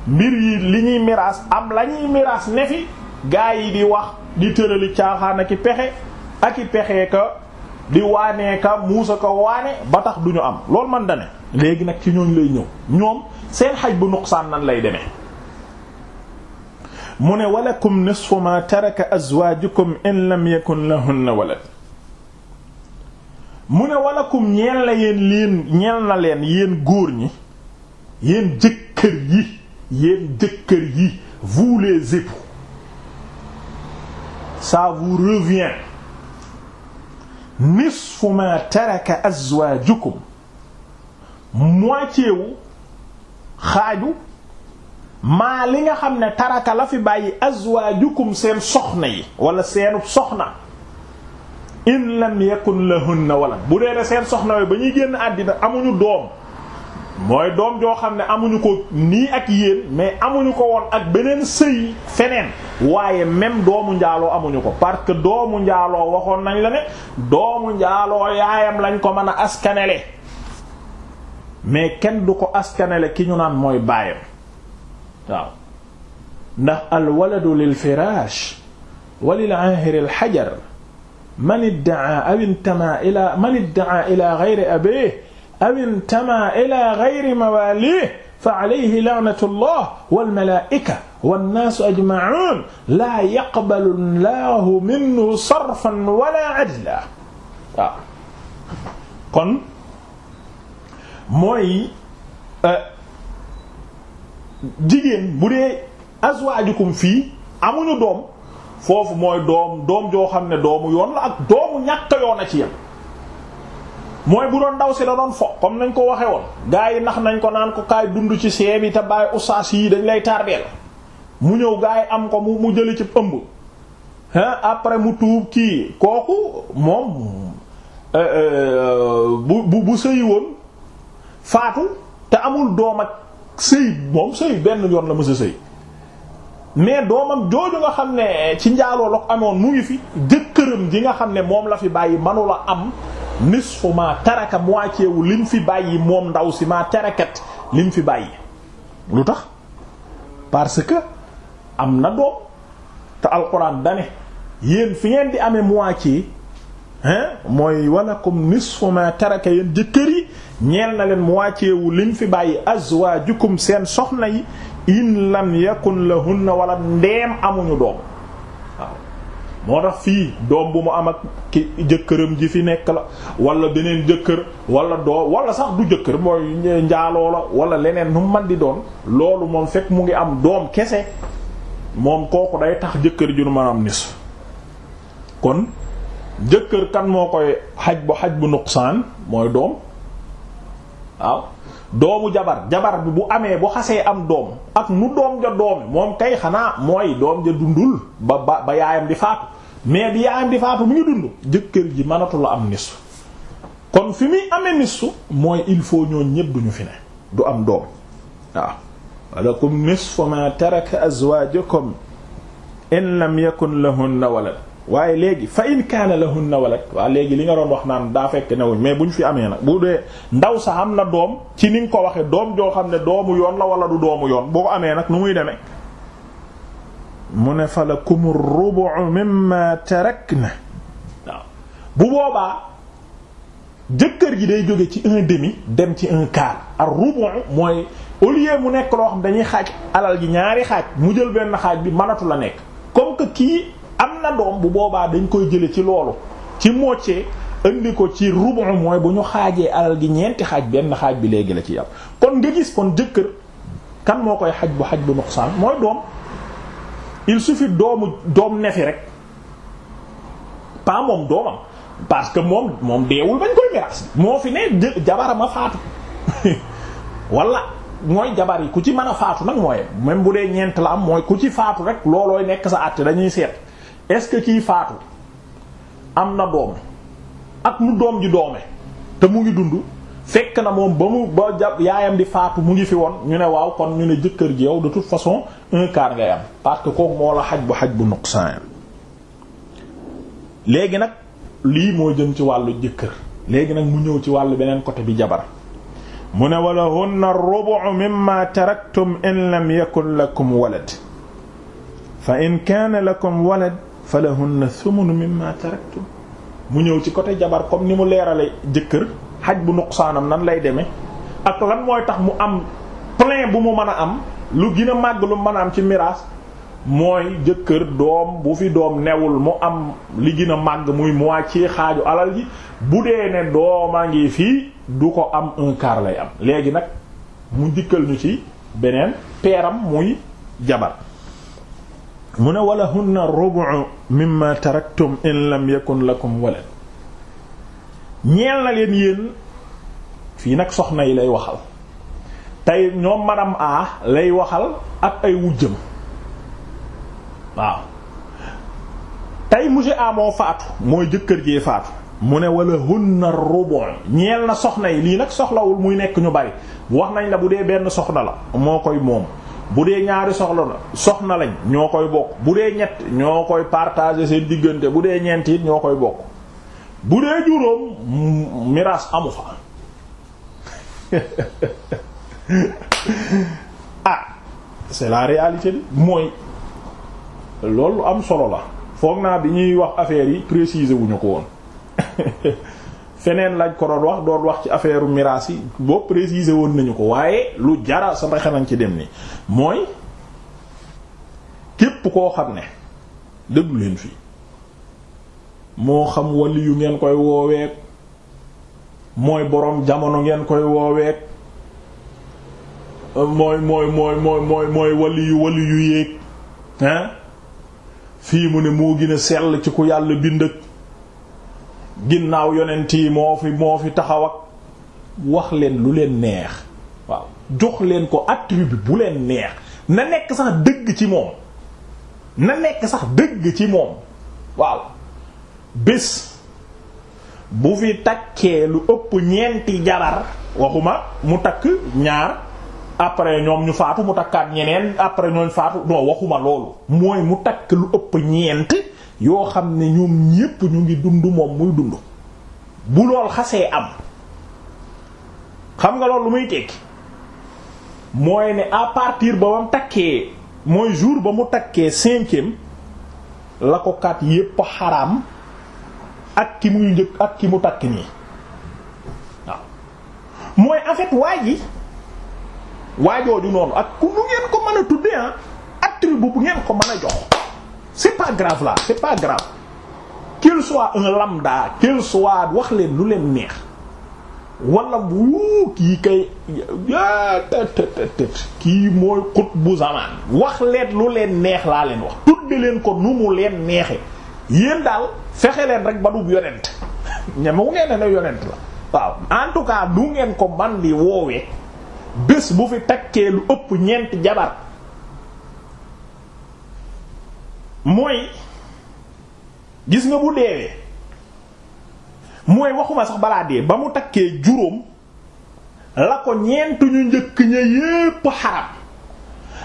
mbir yi li ñuy miraas am lañuy ñuy miraas ne gaa yi di wax di tërali caaxaan ak i pexe ak i pexe ka di waanee ka muusa ka waane ba tax du am lool man dane léegi nag ci ñooñ lay ñëw ñoom seen xaj bu nuqsaan nan lay demee mu ne walakum nisfu ma taraka azwaajukum in lam yakun mu ne walakum ñeel la yéen leen ñeel na leen yéen góor ñi yéen jëkkër yi yéen jëkkër yi vous les époux ça vous revient nisfu ma taraka azwaajukum moitié wu xaaju maa li nga xam ne taraka la fi bàyyi azwaajukum seen soxna yi wala seenu soxna in lam yakun na wala bu dee seen soxna yooyu ba ñuy génn àddina amuñu doom mooy doom joo xam ne amuñu ko nii ak yéen mais amuñu ko woon ak beneen sëy feneen waaye même doomu njaaloo amuñu ko parce que doomu njaaloo waxoon nañ la ne doomu njaaloo yaayam lañ ko mën a askanele mais kenn du ko askanele ki ñu naan mooy baayam waaw ndax al waladu lil firaash wa lil aahiri al hajar man iddaa awintama ila man iddaa ila aw intama ila gayri mawalih fa alayhi laanatu llah walmalaika wannaasu ajmaun laa yaqbalu llahu minhu sarfan wala adla waaw kon mooy euh, jigéen bu dee azwaajukum fii amuñu doom foofu mooy doom doom joo xam ne doomu yoon la ak doomu ñàkk yoon a ci yam mooy bu doon ndaw si la doon fo comme nañ ko waxe woon gaa yi nax nañ ko naan ko kaay dund ci see bi te bàyyi ustaas yi dañ lay tardeel mu ñëw gaa yi am ko mu mu jëli ci ëmb hein après mu tuub kii kooku moom euh, euh, bu bu sëyi woon faatu te amul doom ak sëy moom sëy benn yoon la mësa sëy mais doomam jooju nga xam ne ci njaaloo la amoon mu ngi fi jëkkëram ji nga xam ne moom la fi bàyyi manula am nisfu ma taraka moitié wu lim fi bàyyi moom ndaw si ma tarakat fi bàyyi lu tax parce que am na te alquran yéen fi ngeen di amee moitié hein mooy walakum nisfu ma taraka yéen jëkkër yi ñeel na leen moitié wu fi bàyyi azwaajukum seen soxna yi in la yakun na wala ndeem amuñu doom waaw moo tax fii doom bu mu am ak ki jëkkëram ji fi nekk la walla beneen jëkkër walla doo wala sax du jëkkër mooy njaaloo la wala leneen nu man di doon loolu moom fekk mu ngi am doom kese moom kooku day tax jëkkër ju nis kon jëkkër kan moo koy xaj bu xaj bu nuqsaan mooy doom waaw doomu jabar jabar bi bu amee bu xasee am doom ak nu doom ja doom moom kay xanaa mooy doom ja dundul ba ba ba yaayam di faatu mais bi yaayam di faatu mu ngi dund jëkkër ji mënatu am nissu kon fi muy amee nissu mooy il faut ñoo ñépp duñu fi ne du am doom waaw walakum nisfu ma taraka azwajukum in lam yakun lahunna walad waaye léegi fa in kaana lahunna walad waa léegi li nga doon wax naan daa fekk newuñ mais bu ñu fi amee nag bu dee ndaw sa am na doom ci ni nga ko waxee doom joo xam ne doomu yoon la wala du doomu yoon boo ko amee nag nu muy demee mu ne fa lakum rubu mimma tarakna waaw bu boobaa jëkkër ji day jóge ci un demi dem ci un quart ar rubu mooy au mu nekk loo xam dañuy xaaj alal gi ñaari xaaj mu jël benn xaaj bi mënatu la nekk comme que kii am na doom bu boobaa dañ koy jële ci loolu ci moitié indi ko ci rubu mooy bu ñu xaajee alal gi ñeenti xaaj benn xaaj bi léegi la ci yàpp kon nga gis kon jëkkër kan moo koy xaj bu xaj bu nuqsaan mooy doom il suffit doomu doom nefi rek pas moom doomam parce que moom moom deewul bañ koy miraas moo fi ne jabaram a faatu [laughs] wala mooy jabar yi ku ci mën a faatu nag mooy même bu dee ñeent la am mooy ku ci faatu rek loolooy nekk sa àtte dañuy seet est-ce que kii faatu am na doom at nu doom ji doome te mu ngi dund fekk na moom ba mu ba jàpp yaayam di faatu mu ngi fi woon ñu ne waaw kon ñu ne jëkkër ji yow de toute façon un ngay am parce que kooku moo la xaj bu xaj bu nuqsaan léegi nag lii moo jëm ci wàllu jëkkër léegi nag mu ñëw ci wàllu beneen côté bi jabar mu ne wala hunna rubu'u mimma taraktum in lam yakun lakum walad fa in kana lakum walad falahunna thumunu mimma taraktum mu ñëw ci côté jabar comme ni mu leerale jëkkër xaj bu nuqsaanam nan lay demee ak lan mooy tax mu am plein bu mu mën a am lu gën a màgg lu mën a am ci miraas mooy jëkkër doom bu fi doom newul mu am li gën a màgg muy moitié xaaju alal ji bu dee ne dooma ngi fii du ko am un quart lay am léegi nag mu dikkal ñu ci beneen peeram muy jabar mu ne wala hunna rubu mimma taraktum in lam yakun lakum walad ñeel na leen yéen fii nag soxna yi lay waxal tey ñoom madame A lay waxal ak ay wujjëm waaw tey monsieur A moo faatu mooy jëkkër jee faatu mu ne wala hunna rubu ñeel na soxna yi lii nag soxlawul muy nekk ñu bari wax nañ la bu dee benn soxna la moo koy moom bu dee ñaari soxla la soxna lañ ñoo koy bokk bu dee ñett ñoo koy partager seen diggante bu dee ñeent it ñoo koy bokk bu dee juróom mm, miraas amu fa [laughs] ah c'est la réalité mooy loolu am solo la foog naa bi ñuy wax affaire yi préciser wuñu ko woon [laughs] feneen laaj ko doon wax doon wax ci affaire miraas yi boo préciser woon nañu ko waaye lu jara sama xenañ ci dem ni mooy képp koo xam ne déglu leen fii moo xam wali ngeen koy wooweek mooy boroom jamono ngeen koy wooweek mooy mooy mooy mooy mooy mooy yu wali yéeg fii mu ne moo gën a sell ci ku yàlla bind ak ginnaaw yonent yi moo fi moo fi taxaw ak wax leen lu leen neex waaw jox leen ko attribut bu leen neex na nekk sax dëgg ci moom na nekk sax dëgg ci moom waaw bés bu fi takkee lu ëpp ñeenti jabar waxuma mu takk ñaar après ñoom ñu faatu mu takkaat ñeneen après ñooñ faatu non waxuma loolu mooy mu takk lu ëpp ñeent yoo xam ne ñoom ñépp ñu ngi dund moom muy dund bu lool xasee am xam nga loolu lu muy tekki mooy ne à partir ba mu takkee mooy jour ba mu takkee cinquième la ko kat yépp xaraam ak ki muy njëkk ak ki mu takk nii mooy en fait waa ji waajooju noonu ak ku nu ngeen ko mën a tuddee ah attribut bu ngeen ko mën a jox c'est pas grave la c'est pas grave qu'il soit lam daa qu'il soit wax leen lu leen neex wala wuu kii kay kii mooy xut bu zamaan wax leen lu leen neex laa leen wax tudde leen ko nu mu leen neexe yéen daal fexe leen rek ba du yonent [laughs] ñeme wu ngeen ne yonent la waaw en tout cas du ngeen ko man di woowee bés bu fi takkee lu ëpp ñeent jabar mooy gis nga bu deewee mooy waxuma sax balaa dee ba mu takkee juróom la ko ñeent ñu njëkk ña yépp xaram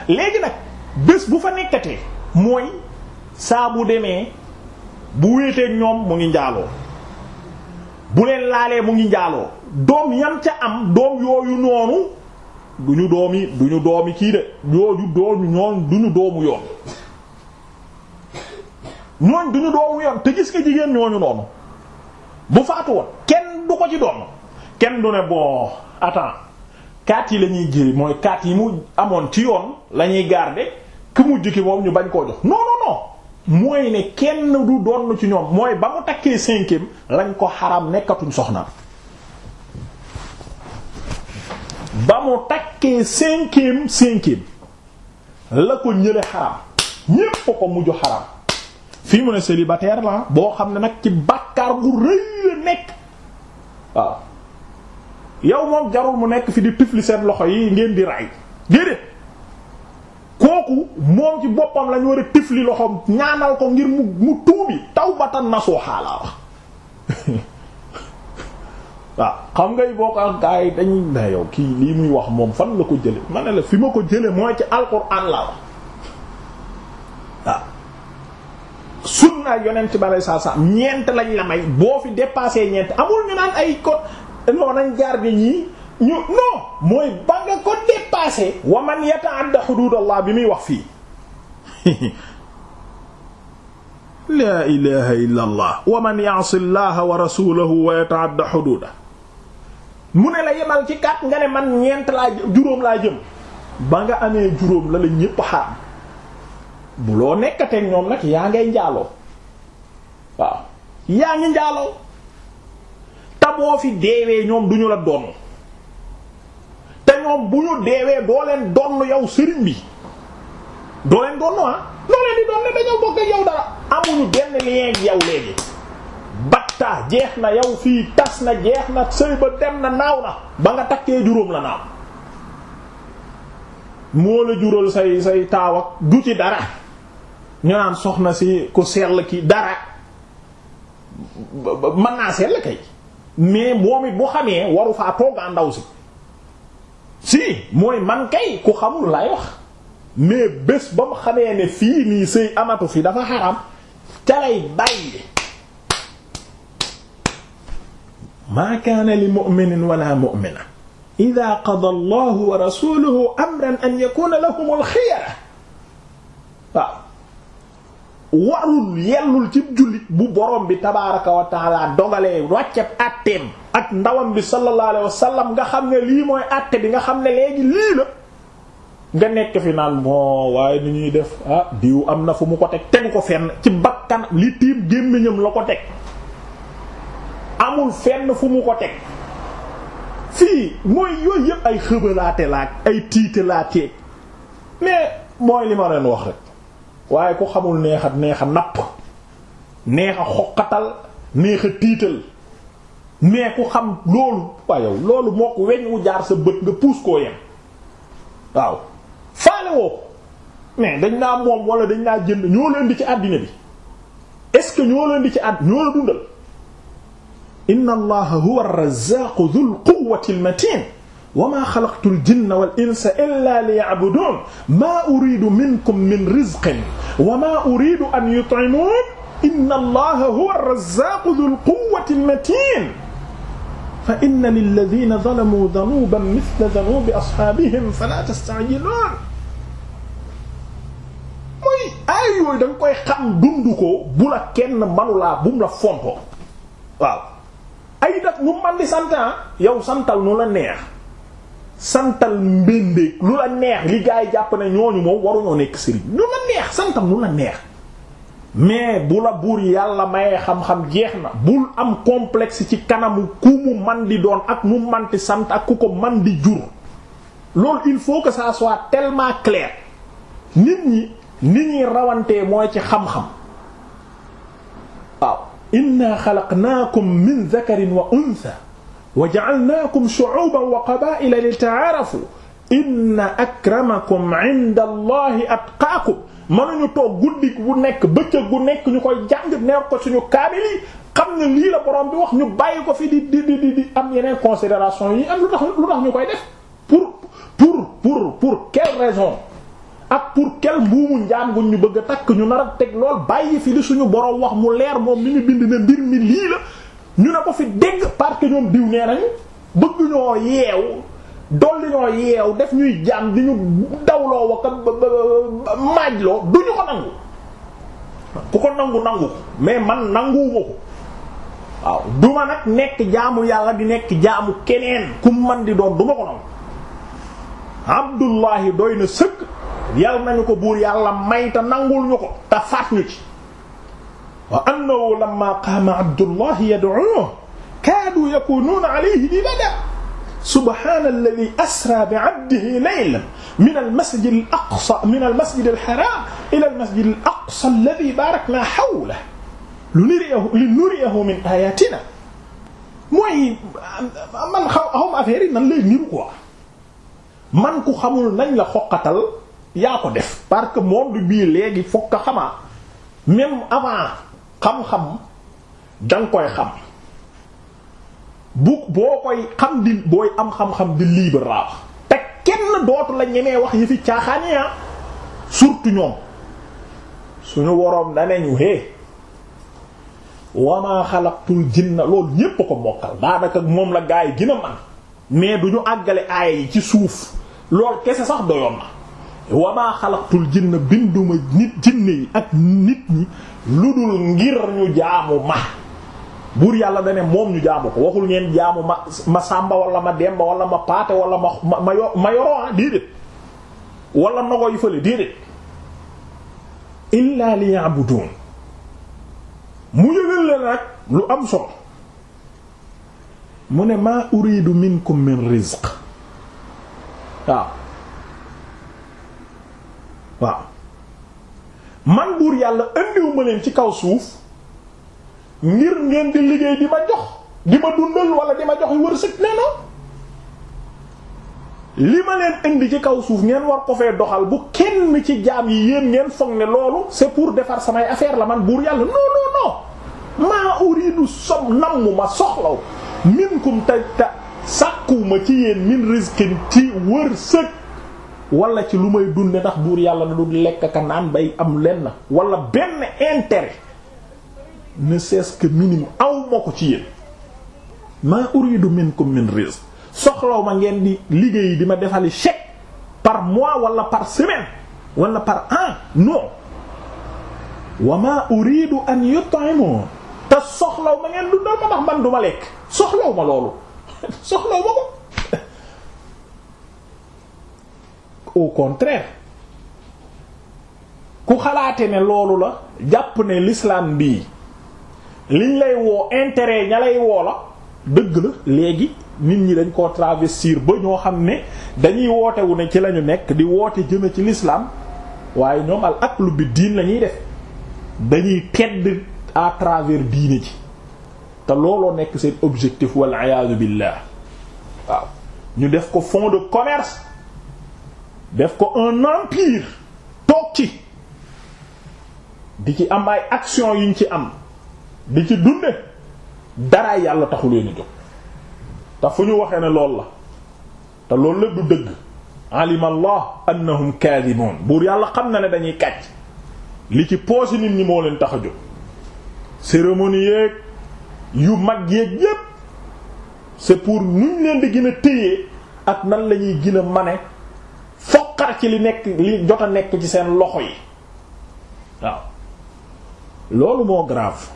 léegi nag bés bu fa nekkatee mooy saa bu demee bu wéeteeg ñoom mu ngi njaaloo bu leen laalee mu ngi njaaloo doom yam ca am doom yooyu noonu duñu doomi duñu doomi kii de yooyu doomu ñoon duñu doomu yoon ñooñ duñu doomu yoon te gis nga jigéen ñooñu noonu bu faatu woon kenn du ko ci doon kenn du ne bon attends kaat yi lañuy ñuy jëri mooy kaat yi mu amoon ci yoon lañuy ñuy garder ku mujj ki moom ñu bañ koo jox non non non mooy ne kenn du doon ci ñoom mooy ba mu takkee cinquième lañ ko xaram nekkatuñ soxna ba mu takkee cinquième cinquième la ko ñële xaram ñépp ko mujj xaram fii mu ne célibataire la boo xam ne nag ci bàkkaar bu rëy la nekk waaw yow moom jarul mu nekk fi di tifli seen loxo yi ngeen di ray déedéet kooku moom ci boppam lañu war a tifli loxoom ñaanal ko ngir mu mu tuubi tawbatan nasuha la wax [laughs] waaw xam ngay boo ko ak gars yi dañuy ne yow kii lii muy wax moom fan la ko jële ma ne la fi ma ko jële mooy ci alxuraan la wax sunna yonent bi alei saa salaam ñeent lañ la may boo fi dépassé ñeent amul ñu naan ay ko non nañ jaar gi ñii ñu non mooy ba nga ko dépassé wa man yata'adda hududallah bi muy wax fii laa [laughs] ilaha illa allah wa man ya'si llaha wa rasulahu wa yata'adda hududa mu ne la yemal ci kat nga ne man ñeent laa juróom laa jëm ba nga amee juróom la la ñépp xaar bu loo nekkateeg ñoom nag yaa ngay njaaloo waaw yaa ngi njaaloo te fi deewee ñoom duñu la donn te ñoom bu ñu deewee doo leen donn yow sëriñ bi doo leen donn ah doo di donn dañoo bokk yow dara amuñu benn lien yow léegi batta jeex na yow fii tas na jeex na sëy ba dem na naaw na ba nga takkee juróom la naaw moo la jural say say taaw ak du ci dara ñu naan soxna si ku sell ki dara mën naa sell kay mais moom it bu xamee waru faa toogaa ndaw si si mooy man kay ku xamul lay wax mais ba mu xamee ne fii nii sëy amatu fi dafa xaram ca lay bàyyi maa li mu'minin wala mu'mina ida qada allahu wa rasuluhu amran an yakuna lahum al xiyara warul yellul ci jullit bu borom bi tabaaraka wa taala dogalee wàcceb ak ndawam bi sallallahu alayhi wa sallam nga xam ne lii mooy atte bi nga xam ne léegi lii la nga nekk fi naan moo waaye ni ñuy def ah diw am na fu mu ko teg tegu ko fenn ci bakkan li tiim gémmiñam la ko teg amul fenn fu mu ko teg fii mooy yooyu yëpp ay xëbalaate laak ay tiite laa teeg mais mooy li ma leen wax rek waaye ku xamul neex a neex a napp neex a xoqatal neex a tiital mais ku xam loolu waaye yow loolu moo ko weñ wu jaar sa bët nga puus koo yem waaw faale woo ko dañ naa moom wala dañ naa jënd ñoo leen di ci àddina bi est-ce que ñoo leen di ci àdd ñoo la dundal inna allaha huwa ar-razzaqu dhul quwwati wa maa xalaqtul jinna wal insa illaa liya'buduun maa uriidu minkum min rizqin wa maa uriidu an yut'imuun inna allaha huwa ar-razzaaqu dhul quwwati al-matiin fa inna lilladhiina dhalamuu dhanuuban mithla dhanuubi ashaabihim falaa tasta'jiluun mooy aay yooyu da nga koy xam dundu ko bu la kenn manulaa bu mu la fontoo waaw ay nag nu man di santaan ah, yow santal nu la neex santal mbéndéeg lu la neex li jàpp ne ñooñu moom waruñoo nekk sëriñ lu la neex santal lu la neex mais bu la buur yàlla mayee xam-xam jeex na bul am complexe ci kanamu ku mu man di doon ak mu manti sant ak ku ko man di jur loolu il faut que sa soit tellement clair nit ñi nit ñi rawantee mooy ci xam-xam waaw inna ko min dhakarin wa untha wa ja'alnaakum shu'uuban wa qabaa'ila lita'aarafu inna akramakum 'inda Allahi atqaakum mënuñu toog guddi bu nekk bëccëg bu nekk ñu koy jàng neew ko suñu kaamil yi xam ne lii la borom wax ñu bàyyi ko fi di di di di am yeneen consideration yi am lu tax lu ñu koy def pour pour pour pour quelle raison a pour quel mbuumu njaam ñu bëgg a takk ñu nar a teg lool bàyyi fi li suñu borom wax mu leer moom mi ñu bind na mbir mi lii ñu ne ko fi dégg parce que ñoom diw nee nañu bëgg ñoo yeew dolli yeew def ñuy jaam di ñu dawloo waka maajloo du ñu ko nangu ku ko nangu nangu ko mais man nanguwuma ko waaw duma nag nekk jaamu yàlla di nekk jaamu keneen ku man di doon duma ko nangu Abdullahi doy na sëkk yal nañu ko buur yàlla may te nangul ñu ko te faat ñu ci wa annahu lamma qaama abdullahi yad'uuhu kaadu yakuunuuna alayhi libadan subhaana alladhi asraa bi'abdihi laylan minal masjidil aqsa minal masjidil haraam ilal masjidil aqsa alladhi baaraknaa hawlahu linuriyahu min aayaatinaa mooy man xaw ma affaire yi nan lay niru quoi man ku xamul nañ la xoqatal yaa ko def parce que moom du bii léegi fokk xamaa même avant. xam-xam da koy xam bu boo koy xam di booy am xam-xam di libre laa wax te kenn dootu la ñemee wax yi fi caaxaane ah surtout ñoom suñu woroom daneñu hé wamaa xalaqtul jinna loolu ñépp ko mokkal daanaka moom la gaa yi gën man mais du ñu àggale aaya yi ci suuf lool kese sax doyoon na wamaa xalaqtul jinna binduma nit jinne yi ak nit ñi lu dul ngir ñu jaamu ma buur yàlla dane moom ñu jaamu ko waxul ngeen jaamu ma ma sàmba wala ma demba walla ma paate wala ma ma ma yoroo ah, déedéet wala nogoy fële déedéet illa liya'budun mu rek lu am solo mu ne maa uridu minkum min rizq waaw waaw man buur yàlla indiwu ma leen ci kaw suuf ngir ngeen di liggéey di ma jox di ma dundal wala di ma jox yu wërsëg nee li ma leen indi ci kaw suuf ngeen war ko fee doxal bu kenn ci jaam yi yéen ngeen foog ne loolu c'est pour defar samay affaire la man buur yàlla non non non maa uridu som namm ma soxlaw minkum te te sàkkuwuma ci yéen min rizqin ci wërsëg wala ci lu may dunde ndax buur yàlla da du lekk ka naan bay am lenn walla benn intérêt ne c'est que minimum aw ma ko ci yéen maa uridu minkum min rizq soxlaw ma ngeen di liggéey di ma defali chèque par mois walla par semaine walla par an non wa maa uridu an yut'imun te soxlaw ma ngeen dundal ma ndax man ma lekk soxlaw ma loolu [laughs] soxlaw ma ko au contraire ku xalaate ne loolu la jàpp ne l'islam bii liñ lay woo intérêt ña lay woo la dëgg la léegi nit ñi dañ ko travestir ba ñoo xam ne dañuy wootewu ne ci lañu nekk di woote jëme ci lislaam waaye ñoom al aklu bi diin lañuy def dañuy tedd à travers diine ji te looloo nekk seen objectif wal iyaadu billah waaw ñu def ko fond de commerce def ko un empire toog ci di ci am ay action yuñ ci am di ci dunde dara yàlla taxu leen a jóg te fu ñu waxee ne lool la te loolu la du dëgg alima allah annahum kadibun buur yàlla xam na ne dañuy kàcc li ci poosi nit ñi moo leen tax a jóg cérémonie yeeg yu mag yeeg yépp c'est pour nuñ leen di gën a téye ak nan la ñuy gën a mane naqar ci li nekk li jot a nekk ci seen loxo yi waaw loolu moo grave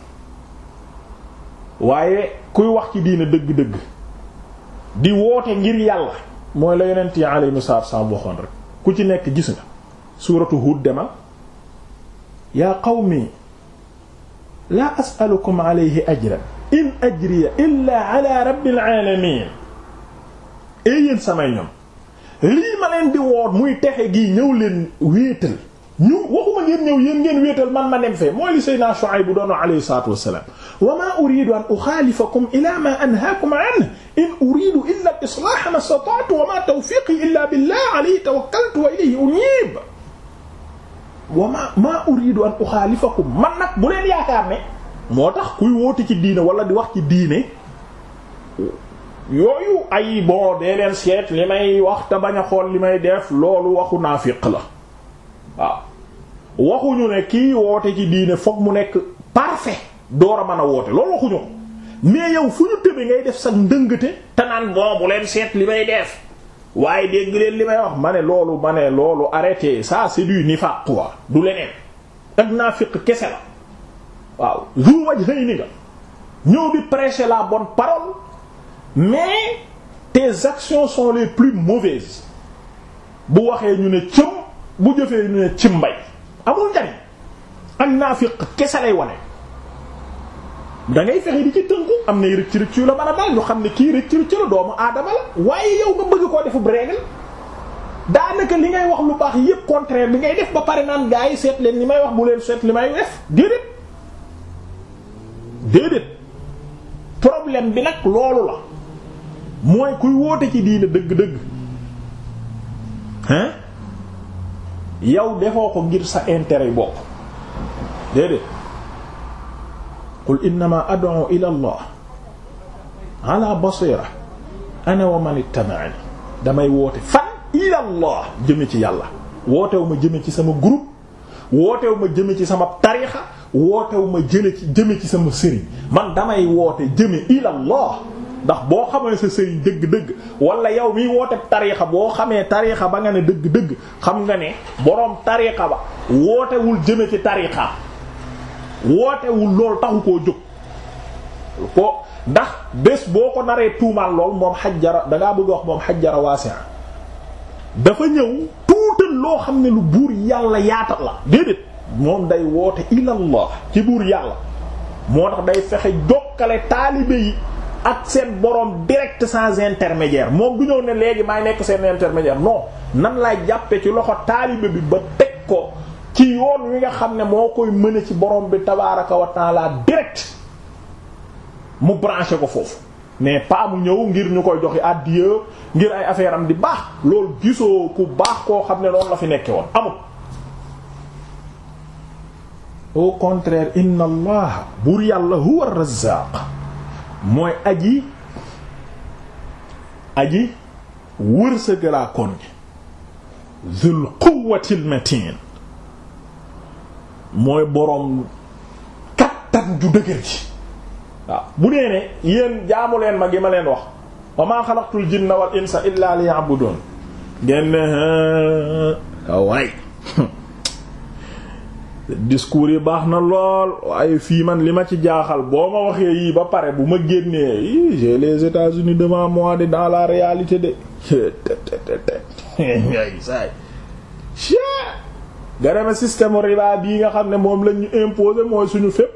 waaye kuy wax ci diine dëgg-dëgg di woote ngir yàlla mooy la yonent yi alayhi salaam rek ku ci nekk gis nga suuratu Hud demal yaa qawmi laa as'alukum alayhi ajran in ajriya illa ala rabbil alamin e samay ñoom lii ma leen di woon muy texe gii ñëw leen wéetal ñu waxuma ngeen ñëw yéen ngeen wéetal man ma nem fee mooy li Seydina Shuayb bu doon alayhi salaatu wassalaam wa maa uridu an uxaalifakum ila ma anhaakum anhu in uridu illa al-islaaha ma stata'tu wa maa tawfiiqii illa billah alayhi tawakkaltu wa ilayhi uniib wa maa maa uridu an uxaalifakum man nag bu leen yaakaar ne moo tax kuy woote ci diine walla di wax ci diine yooyu ay bon dee leen seet li may wax te bañ xool li may def loolu waxu naafiq la waaw waxuñu ne kii woote ci diine fokk mu nekk parfait door a man a woote loolu waxuñu ko yow fu ñu tëbe ngay def sax ndëngate te naan bon bu leen seet li may def waaye dégg leen li may wax ma ne loolu ma ne loolu arrêté ça c'est du nifaq wa du leneen ak naafiq kese la waaw zu wajhayni nga ñëw di prêcher la bonne parole mais tes actions sont les plus mauvaises bu waxee ñu ne cim bu jëfee ñu ne cim mbay amul njariñ ak fiq kese lay wane dangay ngay fexe di ci tënku am nay rëcc rëcc yu la mën a dal ñu xam ne kii rëcc rëcc la doomu aadama la waaye yow nga bëgg koo defub règle daanaka li ngay wax lu baax yépp contraire bi ngay def ba pare naan gars yi seet leen li may wax bu leen seet li may def déedéet déedéet problème bi nag loolu la mooy kuy woote ci diine dëgg-dëgg hein yow defoo ko ngir sa intérêt bokk déedéet qul innama ad'u ila allah ala basira ana wa man damay woote fan ila allah jëme ci yàlla wootew ma jëme ci sama groupe wootew ma jëme ci sama tarixa wootew ma jële ci jëme ci sama sëriñ man damay woote jëme ila ndax boo xamee sa sëy dëgg-dëgg wala yow miy woote tariixa boo xamee tariixa ba nga ne dëgg-dëgg xam nga ne boroom tariixa ba wootewul jëme ci tariixa wootewul loolu taxu koo jóg ko ndax bés boo ko naree tuumaal lool moom xajjara dangaa bëgg wax moom xaj jara xajjara waasi'a dafa ñëw tuutal loo xam ne lu buur yàlla yaata la déedéet moom day woote ilallah ci buur yàlla moo tax day fexe jokkale taalibe yi ak seen borom direct sans intermédiaire moom du ñëw ne léegi maay nekk seen intermédiaire non nan laay jàppe ci loxo taalibe bi ba teg ko ci yoon wi nga xam ne moo koy mëne ci boroom bi tabaraka wa taala direct mu branché ko foofu mais pas ñëw ngir ñu koy joxe addiya ngir ay affaire am di baax loolu gisoo ku baax koo xam ne noonu la fi nekke woon amul au contraire inna buur yàlla huwa razzaq mooy aji aji wërsëgalaakoon gi zul quwwatil matin mooy borom kattan ju dëgër ji waaw bu nee ne yéen jaamu leen ma gi ma leen wax wa maa xalaqtul jinna wal insa illa liya'budun genn waay [laughs] discours yi baax na lool waaye fii man li ma ci jaaxal boo ma waxee yii ba pare bu ma génnee yii j'ai les États-Unis devant mois de dans la réalité de ay saay che nga dema système riba bii nga xam ne moom lañ ñu imposer mooy suñu fépp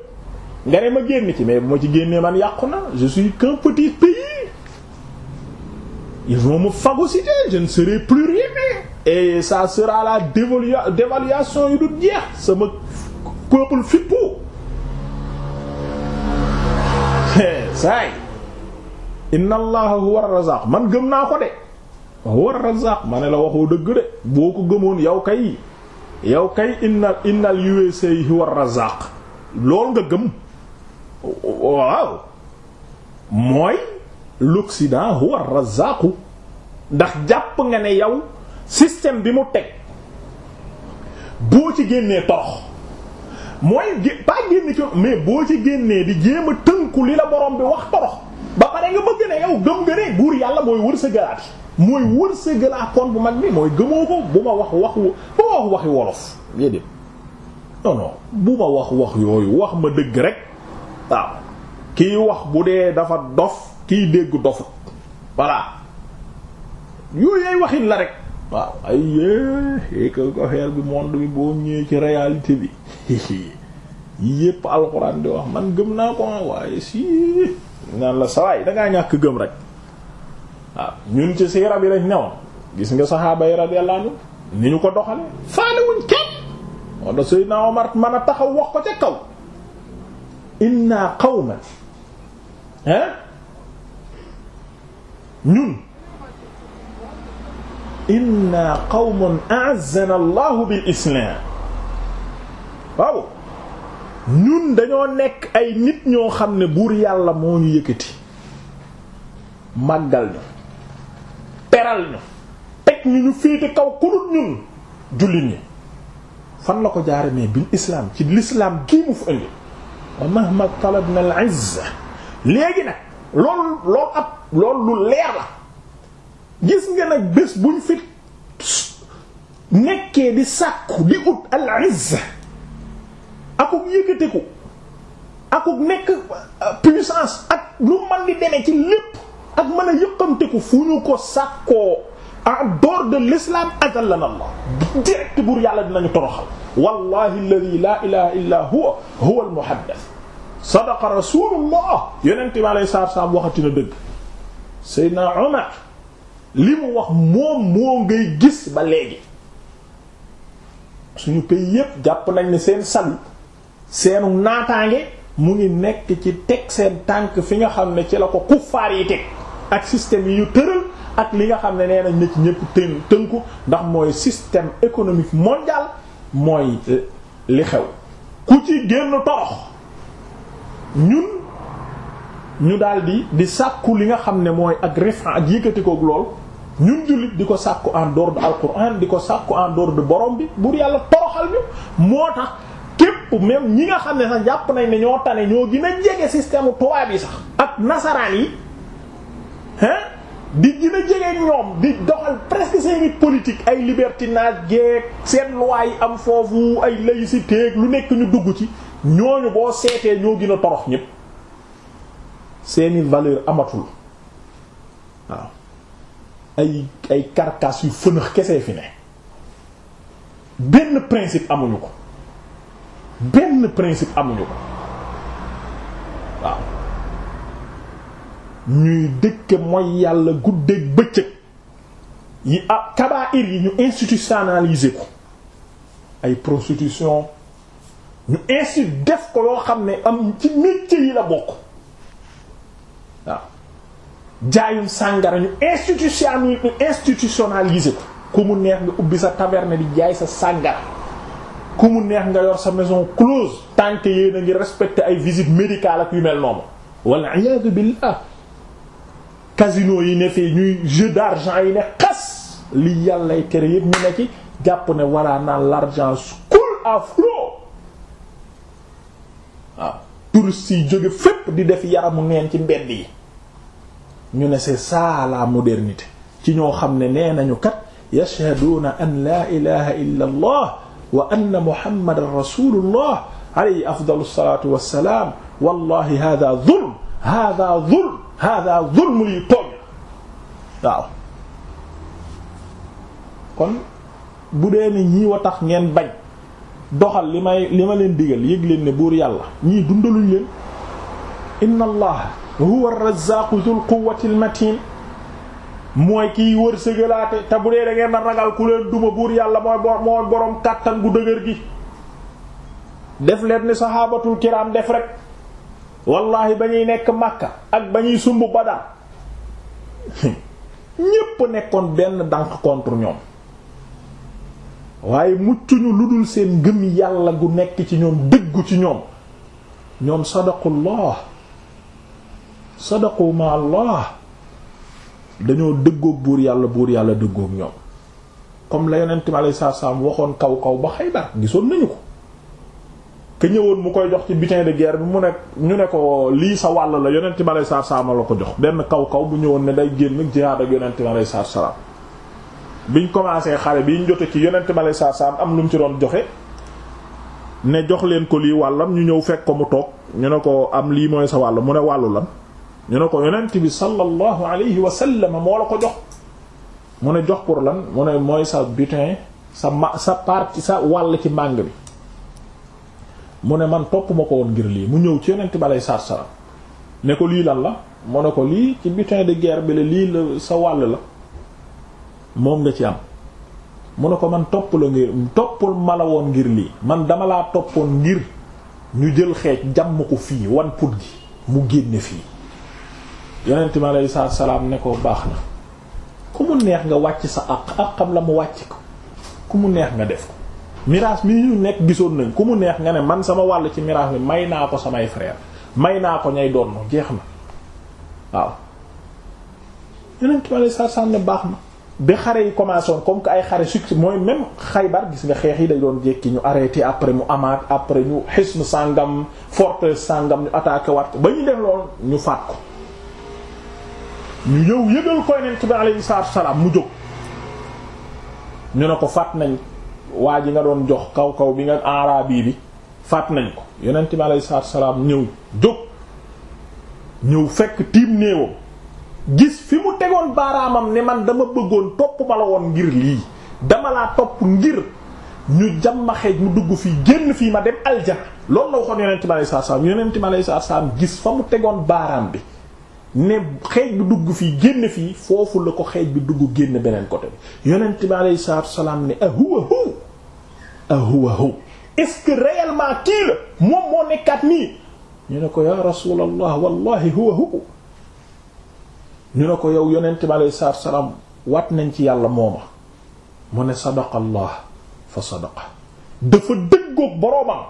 nga dem a génn ci mais bu ma ci génnee man yàqu na je suis qu'un petit pays ils vont me phagocyter je ne serai plus rien et ça sera la dévaluation yu dul jeex sama peuple fippu eh, saay inna allaha huwa man gëm naa ko de huwa ar-razzaq ma ne la waxoo dëgg de boo ko gëmoon yow kay yow kay innal innal USA huwa ar-razzaq lool nga gëm waaw mooy l'Occident huwa ar-razzaq ndax jàpp nga ne yow système bi mu teg boo ci génnee torox mooy pas génn ci mais boo ci génnee di jéem a tënku li la borom bi wax torox ba pare nga bëgg ne yow gëm nga ne buur yàlla mooy wër sa galaat mooy wër sa galaat kon bu mag bi mooy gëmoo ko bu ma wax wax bu wax waxi wolof yéen non non bu ma wax wax yooyu wax ma dëgg rek waaw kiy wax bu dee dafa dof kiy dégg dofut voilà yooyu ay waxin la rek. waaw ay yée que affaire bi monde bi boo ñëwee ci réalité bi yépp alxuraan di wax man gëm naa ko waaye si naan la sawaay dangaa ñàkk gëm rek waaw ñun ci siira bi lañ newoon gis nga saxaaba yi radiyallahu anhu ni ñu ko doxale faalewuñ kenn moo da Seydina Omar man a taxaw wax ko ca kaw inna qawman hein ñun inna qawmun a'azzana allahu bil islam waaw ñun dañoo nekk ay nit ñoo xam ne buur yàlla moo ñu yëkkati màggal ñu peral ñu teg ñu ñu féete kaw kurut ñun jullit ñi fan la ko jaare mais bil islam ci lislaam gii mu fu indi wa mahma talabna al léegi nag loolu loolu ab loolu lu leer la gis nga nag bés bu fi nekkee di sàkku di ut al izza akuk yëkkatiku akuk nekk euh, puissance ak lu man di demee ci lépp ak mën a yëkkamtiku fu ñu ko sàkkoo en dehors de l'islam azallana allah direct buur yàlla dinañu toroxal wallahi alladhi la ilaha illa huwa huwa al muhaddath sadaqa rasulullah yonente bi alayhi salaatu wa li mu wax moom moo ngay gis ba léegi suñu pays yépp jàpp nañ ne seen salu seenu naataange mu ngi nekk ci teg seen tànk fi nga xam ne ci la ko kuffaar yi teg ak système yi yu tëral ak li nga xam ne nee nañ ne ci ñépp tën tënku ndax mooy système économique mondial mooy euh, li xew ku ci génn torox ñun ñu daldi di sàkku li nga xam ne mooy ak refen ak yëkkati koog lool ñun jullit di ko sàkku en dehors de alquran di ko sàkku en dehors de borom bi bur yàlla toroxal ñu moo tax képp même ñi nga xam ne sax jàpp nañ ne ñoo tane ñoo gën a jege système tubaab yi sax ak nasaraan yi hein di gën a jege ñoom di doxal presque seeni politique ay libertinage geeg seen loi am foofu ay laïcité lu nekk ñu dugg ci ñooñu boo seetee ñoo gën a torox ñépp seeni valeur amatul waaw ay ay carcasses yu fënax kese fi ne benn principe amuñu ko benn principe amuñu ko waaw ñuy dëkke mooy yàlla guddeeg bëccëg yi ah kabaa'ir yi ñu institutionnaliser ko ay prostitution ñu institut def ko yoo xam ne am ci métier yi la bokk jaayum sàngara ñu institution ñu institutionnaliser ko ku mu neex nga ubbi sa taverne di jaay sa sàngara ku mu neex nga yor sa maison close tant que yéen ngi respecter ay visite médicale ak yu mel noonu walla iyaadu billah casino yi ne fii ñuy jeu d'argent yi ne xas li yàllay tere yëpp ñu ne ci jàpp ne walla naan l'argent coule à flot waaw touristes yi jóge fépp di def yaramu neen ci mbedd yi ñu ne c'est ça modernité ci ñoo xam ne nee nañu kat yashhaduuna an laa ilaha illa allah wa anna muhammadan rasulullah alayhi afdalu salatu wassalam wallahi hada zulm hada zulm hada zulm lii waaw kon bu dee ni ñii wa tax ngeen bañ doxal li may ma leen digal yéeg leen ne buur yàlla ñii dundaluñ leen inna allaha huwa ar-razzaqu dhul quwwati mooy kiy wër sëgalaate te bu dee da ngeen na ragal ku leen duma buur yàlla mooy borom kàttan gu dëgër gi def leen ni saxaabatul kiram def rek wallahi ba ñuy nekk màkka ak ba ñuy sumb Badar [laughs] ñépp nekkoon benn dànk contre ñoom waaye muccuñu lu dul seen gëm yàlla gu nekk ci ñoom dëggu ci ñoom ñoom sadaqullah sadaqu ma allah dañoo dëggook buur yàlla buur yàlla dëggoog ñoom comme la yonent mi alayhi salaam waxoon kaw kaw ba Xaybar gisoon nañu ko ka ñëwoon mu koy jox ci butin de guerre bi mu ne ñu ne ko lii sa wàll la yonent mi alayhi salaam la ko jox benn kaw kaw bu ñëwoon ne day génn jihaad ak yonent mi alayhi salaam biñ commencé xale bi ñu jote ci yonent mi alayhi salaam am lu mu ci doon joxe ne jox leen ko lii wàllam ñu ñëw fekk ko mu toog ñu ne ko am lii sa wàll mu ne wàllu lan ñu ne ko yonent bi sallallahu alayhi wa sallam moo la ko jox mu ne jox pour lan mu ne mooy sa butin sa ma sa partie sa wàll ci màng bi mu ne man topp ma ko woon ngir lii mu ñëw ci yonent bi alayhi salaatu salaam ne ko lii lan la mu ne ko lii ci butin de guerre bi la lii la sa wàll la moom nga ci am mu ne ko man topp la ngir toppul ma la woon ngir lii man dama laa toppoon ngir ñu jël xeej jàmm ko fii wan put gi mu génne fii yonent mi aleyhi salaatu salaam ne ko baax na ku mu neex nga wàcc sa àq àqam la mu wàcc ko ku mu neex nga def ko miraas mi ñu nekk gisoon nañ ku mu neex nga ne man sama wàll ci miraas mi may naa ko samay frère may naa ko ñay doon jeex na waaw yonent mi aleyhi salaatu salaam ne baax na bi xare yi commencé woon comme que ay xare succès mooy même Xaybar gis nga xeex yi day doon jékki ñu arrêté après mu amaat après ñu xisn sàngam forteresse sàngam ñu attaqué wat ko ba ñu def ñu faat ñu ñëw yëgal ko yonent bi alayhi salaatu wasalaam mu jóg ñu ne ko fàtt nañ waa ji nga doon jox kaw kaw bi nga aaraabi bi fàtt nañ ko yonent bi alayhi ñëw jóg ñëw fekk tiim néewam gis fi mu tegoon baaraamam ne man dama bëggoon topp ma la woon ngir lii dama laa topp ngir ñu jàmma xeej mu dugg fii génn fii ma dem aljana loolu na waxoon yonent bi alayhi salaatu wasalaam yonent bi alayhi salaatu wasalaam gis fa mu tegoon baaraam bi ne xeej bi dugg fii génn fii foofu la ko xeej bi dugg génn beneen côté bi yonent bi aleyhi salaam ni ne ahuwa hu ahuwa hu est-ce que réellement kii la moom moo nekkaat nii ñu ne ko ya rasulallah wallahi huwa hu ñu ne ko yow yonent bi aleyhi salaatu wat nañ ci yàlla mooma mu ne sadaqa allah fa sadaqa dafa dëggoog boroomam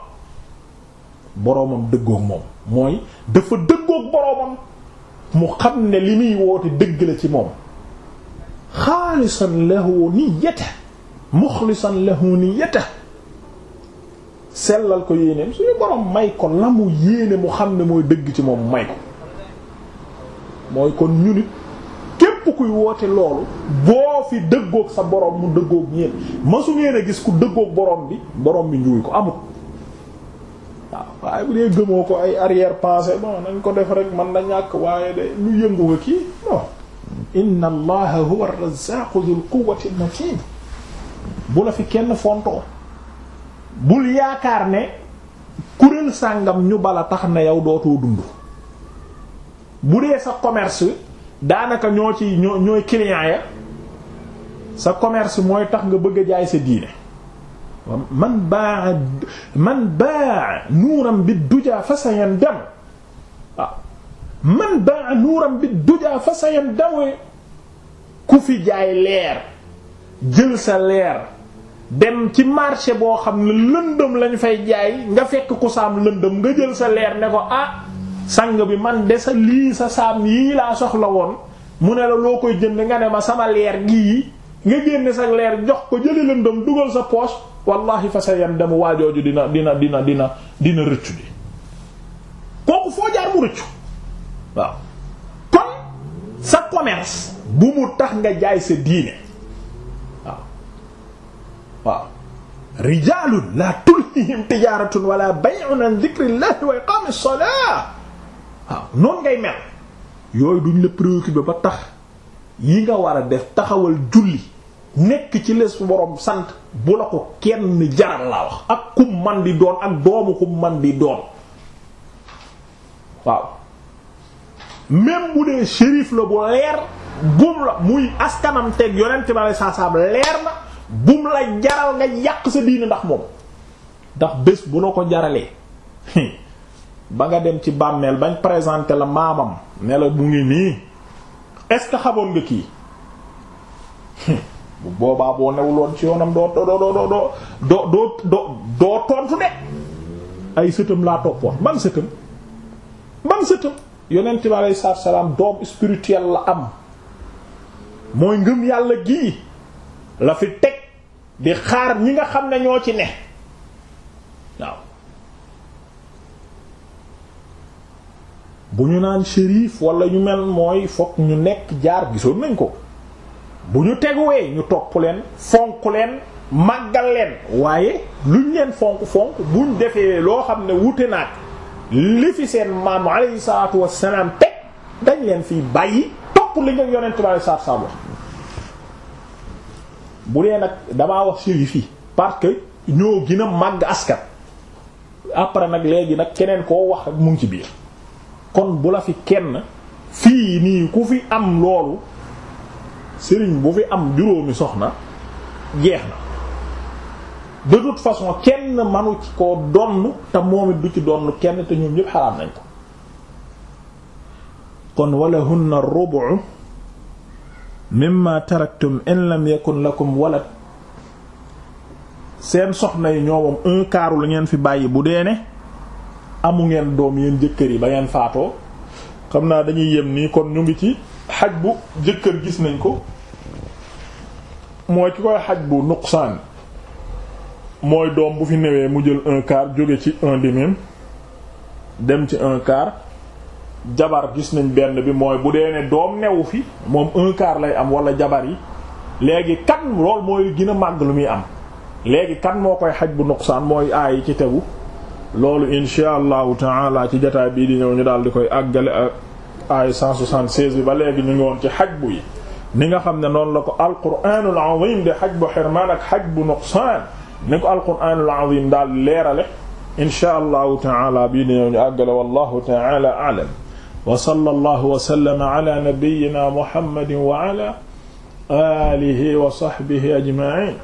boroomam dëggoog moom mooy dafa dëggoog boroomam mu xam ne li muy woote dëgg la ci moom xaalisan lahu niyyata muxlisan lahu niyyata sellal ko yéeneem suñu borom may ko la mu yéene mu xam ne mooy dëgg ci moom may ko mooy kon ñu nit képp kuy woote loolu boo fi dëggoog sa borom mu dëggoog ñeen masu ngeen a gis ku dëggoog borom bi borom bi njuuy ko amut waaye bu dee gëmoo ko ay arrière pensée bon nañ ko def rek man na ñàkk waaye de lu yëngu nga kii non inna allaha huwa ar-razzaqu dhul quwwati matin bu la fi kenn fontoo bul yaakaar ne kuréel sàngam ñu bala tax na yow dootoo dund bu dee sa commerce daanaka ñoo ci ñoo ñooy client ya sa commerce mooy tax nga bëgg a jaay sa diine man baa man nuuram bi dujaa fa sa yan dem ah. man baa nuuram bi dujaa fa sa yan dem ku fi jaay leer jël sa leer dem ci marché boo xam ne lëndëm lañ fay jaay nga fekk ku saam lëndëm nga jël sa leer ne ko ah sang bi man de sa lii sa saam yii laa soxla woon mu ne la loo koy jënd nga ne ma sama leer gii nga génne sa leer jox ko jëli lëndëm dugal sa poche wallahi fa sa yan dem waajooju dina dina dina dina dina rëccu bi kooku foo jaar mu rëccu waaw kon sa commerce bu mu tax nga jaay sa diine waaw waaw rijalun la tulhihim tijaratun wala bay'un an dhikrillahi wa iqamis salah noonu ngay mel yooyu duñ la préoccupé ba tax yi nga war a def taxawal julli nekk ci les borom sant bu la ko kenn jaral laa wax ak kum man bi doon ak doomu kum man bi doon waaw même bu dee shérif la bu leer bum la muy askanam teg yonent ba la saasaam leer na bum la jaral nga yàq sa diine ndax moom ndax bés bu la ko jaralee [laughs] ba nga dem ci bàmmeel bañ présenté la maamam ne la mu ngi nii est-ce que xamoon nga kii [laughs] bu boobaa boo newuloon ci yoonam doo doo doo doo doo doo doo doo tontu de ay sëtam laa toppoon ban sëtam ban sëtam yonent bi aleyhi salaatu salaam doom spirituel la am mooy ngëm yàlla gii la fi teg di xaar ñi nga xam ne ñoo ci ne waaw bu ñu naan shérif wala ñu mel mooy fokk ñu nekk jaar gisoon nañ ko bu ñu teguwee ñu topp leen fonk leen màggal leen waaye luñ leen fonk fonk buñ defee loo xam ne wute naag li fi seen maam alayhi salaatu wassalaam teg leen fi bàyyi topp li bu dee nag damaa wax shérif yi parce que ñoo gina a màgg askan après nag léegi nag keneen koo wax ak mu ngi ci biir kon bu la fi kenn fii nii ku fi am loolu sëriñ bu fi am juróomi soxna jeex na de toute façon kenn manu ci donn te moom it du ci donn kenn te ñoom ñëpp xaraam nañ ko kon walahunna rubu mimma taraktum in lam yakun lakum walad seen soxna yi ñoomam un quart ngeen fi bàyyi bu dee ne amu ngeen doom yeen jëkkër yi ba ngeen faatoo xam naa dañuy yem nii kon ñu ngi ci xaj bu jëkkër gis nañ ko mooy ki koy xaj bu nuqsaan mooy doom bu fi newee mu jël un quart jóge ci un dem ci un quart jabar gis nañ benn bi mooy bu dee ne doom newu fi moom un quart lay am wala jabar yi léegi kan lool mooy gina a màgg lu muy am léegi kan moo koy xaj bu nuqsaan mooy aay ci tegu loolu insha allahu taala ci jataay bii di ñëw ñu daal di koy àggale a aaya 176 bi ba léegi ñu ngi woon ci xaj bu yi ni nga xam ne noonu la ko alquraanul azim de xaj bu xirmaan ak xaj bu nuqsaan ni ko alquraanul azim daal leerale inshaa allahu taala bii dañoo ñu àggale wallahu taala a'lam wa sallallahu wa sallama ala nabiyyina muhammadin wa ala alihi wa sahbihi ajma'in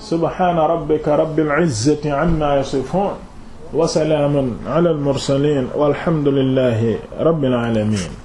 subhana rabbika rabbil izzati amma yasifun wa salaamun ala al mursalin walhamdulillahi rabbil alamin